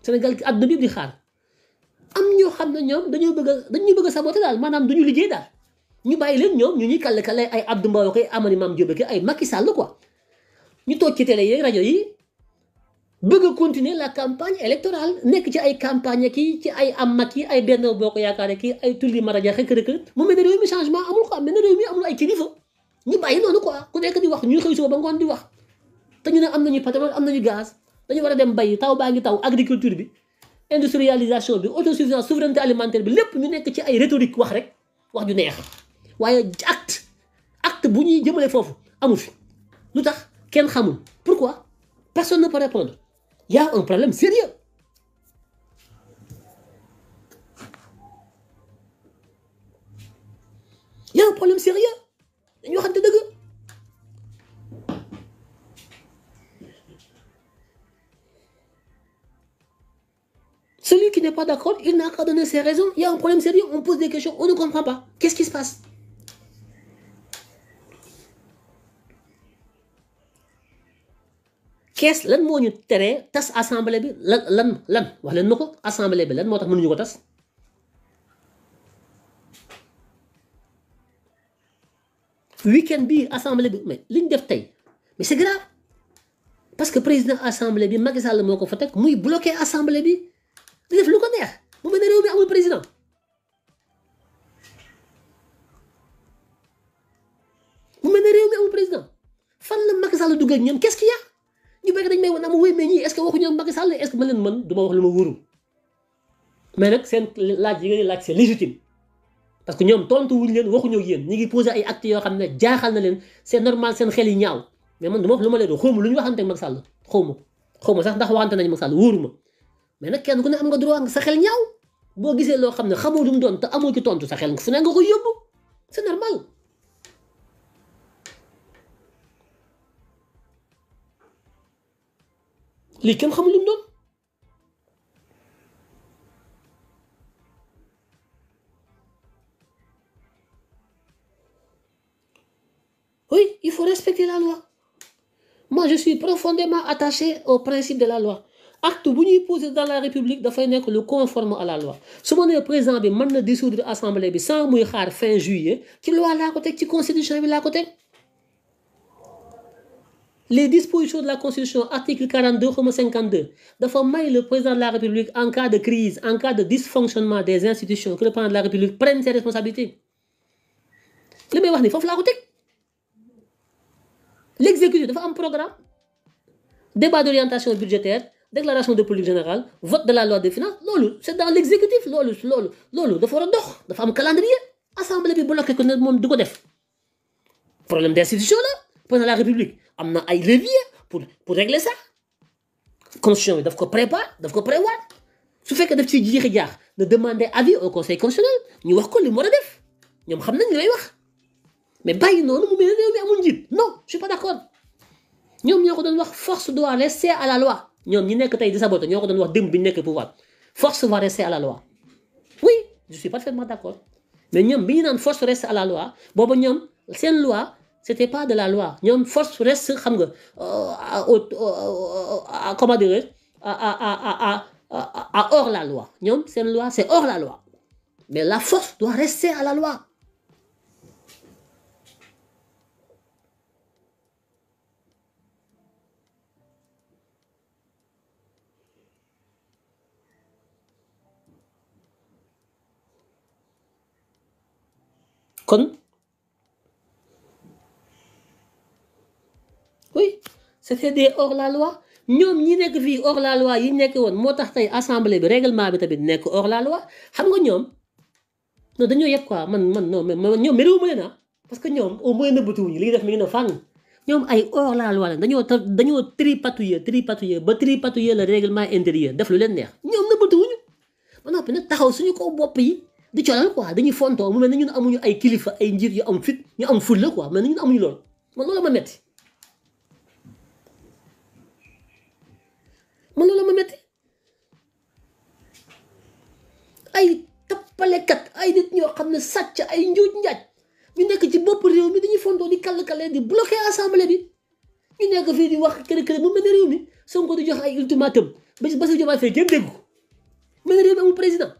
Sénégal adduna bi yëpp di xaar am ñoo xam ne ñoom dañoo bëgg a dañuy bëgg a saboté daal maanaam duñu liggéey daal ñu bàyyi leen ñoom ñu ñuy kàlle kàlle ay Abdou Mbow ak ay Amary Mame Diop ak ay ñu toog ci télé yi rajo yi bëgg continuer la campagne électorale nekk ci ay campagne kii ci ay am mag yi ay benn boo ko yaakaar kii ay tulli maraja xëkk rëkk mu mel ne réew mi changement amul quoi mel ne réew mi amul ay kilifa ñu bàyyi noonu quoi ku nekk di wax ñuy xëy suba ba ngoon di wax te ñu ne am nañu pétrole am nañu gaz dañu war a dem bay taw baa ngi taw agriculture bi industrialisation bi autosuffisance souveraineté alimentaire bi lépp ñu nekk ci ay rhétorique wax rek wax ju neex waaye acte acte bu ñuy jëmale foofu amu fi Ken Khamun. pourquoi personne ne peut répondre il y a un problème sérieux il y a un problème sérieux celui qui n'est pas d'accord il n'a qu'à donné ses raisons il y a un problème sérieux on pose des questions on ne comprend pas qu'est-ce qui se passe kees lan moo ñu teree tas assemblée bi lan lan lan wax leen ma ko assemblée bi lan moo tax mënuñu ko tas weekend bi assemblée bi mais li ñu def tey mais c'est grave parce que président assemblée bi Macky Sall moo ko fa teg muy bloqué assemblée bi di def lu ko neex mu mel ne réew mi amul président mu mel ne réew mi amul président fan la Macky Sall dugg ak ñoom qu'est-ce qu'il y a ñu bëgg dañ may wan naa ma wéy mais ñii est ce que waxuñu ma leen mën du ma ma mais nag seen laaj yi nga laaj c'est légitime parce que ñoom tontu leen waxuñoo yéen ñi ngi posé ay actes yoo xam ne jaaxal na leen c'est normal seen xel yi ñaaw mais man du ma wax lu ma leen doon xawma lu ñu waxante ak Macky Sall xawma xawma sax ndax waxante nañ Macky Sall wóoruma mais nag kenn ku ne am nga droit nga sa xel ñaaw boo gisee loo xam ne xamoo lu doon amoo ci tontu sa xel fu ne nga ko yóbbu c'est normal Oui, il faut respecter la loi. Moi, je suis profondément attaché au principe de la loi. Acte bu posé dans la république doit le le conforme à la loi Si vous est présent, bi dissoudre l'Assemblée sans fin juillet qui loi qui ko côté? ci constitution les dispositions de la Constitution, article 42, 52, de may le président de la République, en cas de crise, en cas de dysfonctionnement des institutions, que le président de la République prenne ses responsabilités. l'exécutif faut l'exécutif un programme débat d'orientation budgétaire déclaration de politique générale vote de la loi des finances c'est dans l'exécutif lolo, lolo, calendrier assemblée bi bloqué ko ne du ko problème d'institution là, président de la république am na ay levier pour pour régler ça constitution bi daf ko prépare daf prévoir su fekkee daf ciy jiixi jaax na demander avis au conseil constitutionnel ñu wax ko li ce qu'ils a def Ils xam nañ li may wax mais bàyyi noonu mu ne réew pas amul njiit non je suis pas d'accord. accord ñoom ñoo ko doon wax force doit rester à la loi ñoom ñi nekk tey di saboté ñoo ko doon wax démb bi ñu nekk pouvoir force va rester à la loi oui je suis parfaitement d'accord. accord mais ñoom bi ñu naan force reste à la loi booba ñoom une loi c'était pas de la loi ñom force reste xam nga euh, euh, euh, comment dire à hors la loi c'est une loi c'est hors la loi mais la force doit rester à la loi oui c'était des hors la loi ñoom ñi nek fii hors la loi yi nekk woon moo tax assemblée bi règlement bi tamit nek hors la loi xam nga ñom non dañu yëpp quoi man man non mais ñoom mériwu ma ah. parce que ñom au moins nëbbatuwuñu li def mi ngi na fànn ñom ay hors la loi dañu dañu dañoo tripatouiller tripatouiller ba tripatouiller le règlement intérieur def lu leen neex ñoom nëbbatuwuñu man noppi nag taxaw suñu ko bopp yi di colal quoi dañuy fonto mu mel ñun amuñu ay kilifa ay njir yu am fit ñu am fulla quoi mais ñun amuñu lool man loolu ma metti man loolu ma metti ay tappalekat ay dit ñoo xam ne sàcc ay njuuj njaaj ñu nekk ci bopp rew mi dañuy fondoo di kal kalé di bloqué assemblée bi ñu nekk fi di wax kër kër mu mel rew mi, son ko di jox ay ultimatum ba ci Bassirou Diomaye Faye kenn dégg ko mel ne réew président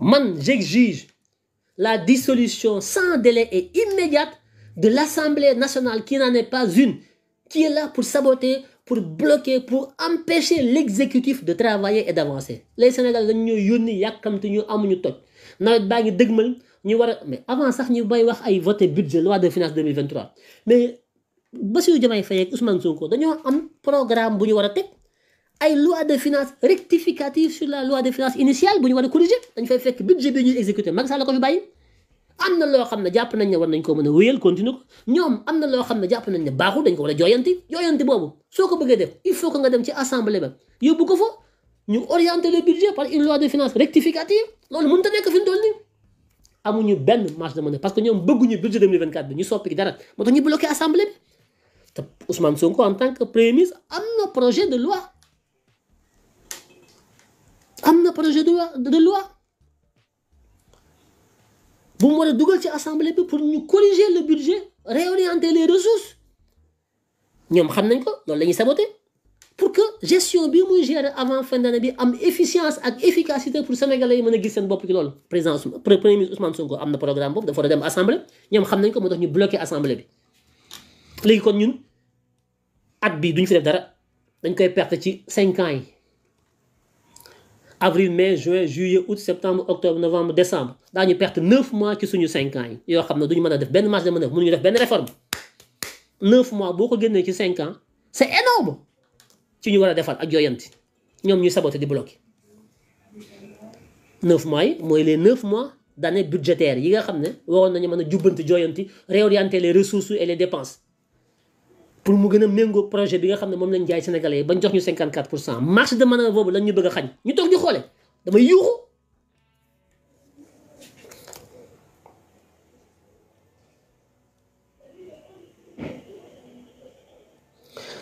man j'exige la dissolution sans délai et immédiate de l'Assemblée nationale qui n'en est pas une, qui est là pour saboter, pour bloquer, pour empêcher l'exécutif de travailler et d'avancer. Les Sénégalais sont comme nous, nous ñu amuñu ñu mais avant sax ñu bay wax ay voté budget loi de finances 2023 mais si vous Faye avec Ousmane nous avons am programme bu ñu war a ay loi de finances rectificative sur la loi de finances initiale pour nous corriger. Nous corriger fait fay fekk budget bi ñuy exécuter Macky Sall ko fi amna lo loo japp nañ ne war nañ ko mën a continue ko ñom amna lo loo japp nañ ne baaxul dañ ko wala a jooyanti bobu soko soo def il faut que nga dem ci assemblée ba yóbbu ko fa ñu orienter le budget par une loi de finances rectificative loolu mën ta nek fi mu toll nii amuñu benn marge de manœuvre parce que ñoom bëgguñu budget 2024 bi ñu soppi dara moo tax ñu bloqué assemblée bi te Ousmane Sonko en tant que premier ministre am projet de loi amna projet de loi de loi bu mu dougal ci assemblée bi pour ñu corriger le budget réorienter les ressources ñom xam nañ ko loolu la saboter pour que gestion bi muy gérer avant fin d'année bi am efficience ak efficacité pour sénégalais yi mën a gis seen bopp ci loolu président premier ministre Ousmane Sonko amna programme bop dafa war dem assemblée ñom xam nañ ko motax ñu bloquer assemblée bi légui kon ñun at bi duñ fi def dara dañ koy perdre ci 5 ans yi avril mai juin juillet août septembre octobre novembre décembre Nous perte 9 mois qui sont 5 ans marge de manœuvre réforme 9 mois beaucoup de 5 ans c'est énorme ci ñu nous saboté 9 mois 9 mois d'année budgétaire Il y a réorienter les ressources et les dépenses pour mu gën a méngóog projet bi nga xam ne moom lañ jaay sénégalais yi bañ jox ñu 54 pour cent marge de manœuvre boobu lañ bëgg a xañ ñu toog di xoole damay yuuxu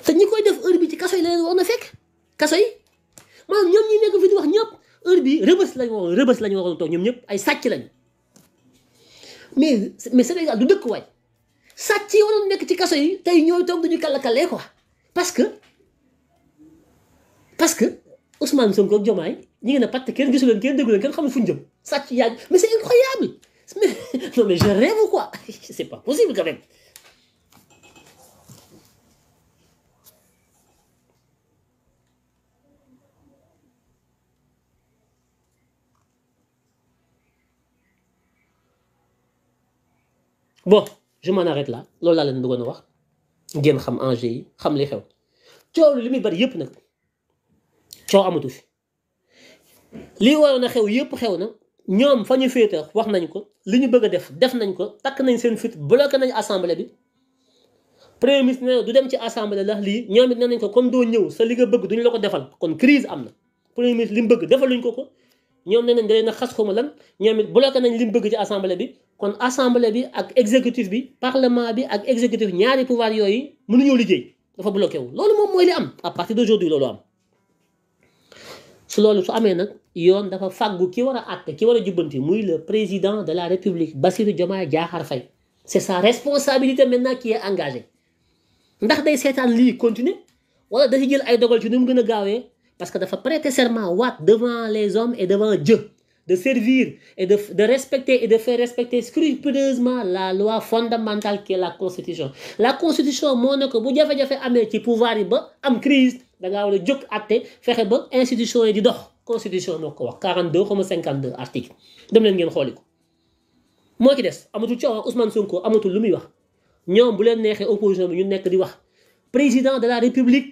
te ñi koy def heure bi ci kaso yi la leen wax na fekk kaso yi ñoom ñi nekk fi di wax ñëpp heure bi rëbës lañ waxoon rëbës lañ waxoon toog ñoom ñëpp ay sàcc lañ mais mais Sénégal du dëkk waay sàcc yi nek ci kaso yi tay ñoy tok duñu kàllakalee quoi parce que parce que Ousmane Sonko ak Diomaye ñi nga patte patt de gisu leen kenn déggu leen kenn jëm mais c'est incroyable non mais je rêve ou quoi c'est pas possible quand même bon je m'en arrête là je suis que je a wax ngeen xam xam li xew li bari xew xew na ñom fañu fété wax nañ ko li bëgg def def nañ ko tak nañ seen fit bloqué nañ assemblée bi premier ministre du dem ci assemblée la li ñom nañ ko comme sa bëgg la ko defal kon crise amna. premier ministre lim bëgg ko ko ñom nañ leen bloqué nañ kon assemblée bi ak exécutif bi parlement bi ak exécutif ñaari pouvoir ñu liggéey dafa bloqué wu loolu li am à partir d'aujourd'hui am su su yoon dafa le président de la république c'est sa responsabilité maintenant qui est engagée ndax day sétane li continuer wala ay ci parce que dafa prêter serment devant les hommes et devant Dieu de servir et de, de, respecter et de faire respecter scrupuleusement la loi fondamentale qui est la constitution la constitution moo ne ko bu jafe-jafe amee ci pouvoir yi ba am crise a jóg atte fexe ba institution yi di dox constitution moo wax 42 52 articles. dem leen ngeen xooli ko Moi, ci des Ousmane Sonko amatul lu muy wax ñoom bu opposition bi ñu di wax président de la république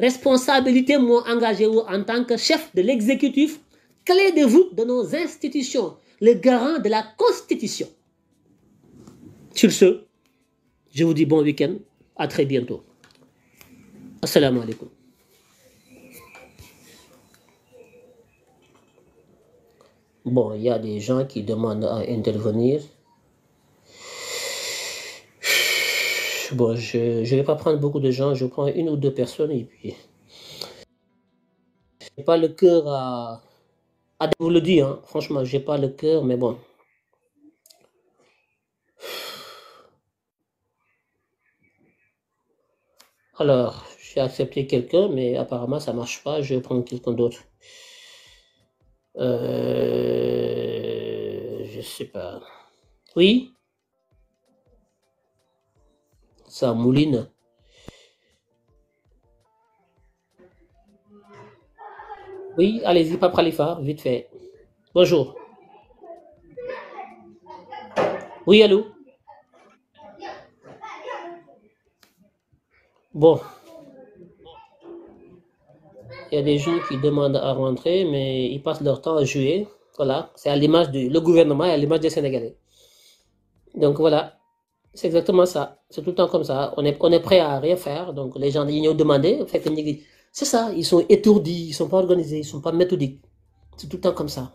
responsabilité moi, engagé wu en tant que chef de l'exécutif est de vous de nos institutions, le garant de la Constitution. Sur ce, je vous dis bon week-end, à très bientôt. Assalamu alaikum. Bon, il y a des gens qui demandent à intervenir. Bon, je ne vais pas prendre beaucoup de gens, je prends une ou deux personnes et puis... Je n'ai pas le cœur à... Ah, vous le dire hein. franchement, j'ai pas le cœur, mais bon. Alors, j'ai accepté quelqu'un, mais apparemment ça marche pas, je vais prendre quelqu'un d'autre. Euh, je sais pas. Oui Ça mouline. Oui, allez-y, papa Khalifa, vite fait. Bonjour. Oui, allô Bon. Il y a des gens qui demandent à rentrer, mais ils passent leur temps à jouer. Voilà, c'est à l'image du le gouvernement et à l'image des Sénégalais. Donc voilà, c'est exactement ça. C'est tout le temps comme ça. On est, est prêt à rien faire. Donc les gens, ils nous demandaient. Fait c'est ça, ils sont étourdis, ils sont pas organisés, ils sont pas méthodiques. C'est tout le temps comme ça.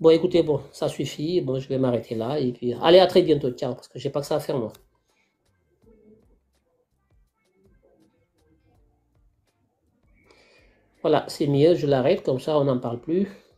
Bon, écoutez, bon, ça suffit. Bon, je vais m'arrêter là. Et puis, allez, à très bientôt. Ciao, parce que j'ai pas que ça à faire, moi. Voilà, c'est mieux, je l'arrête, comme ça on n'en parle plus.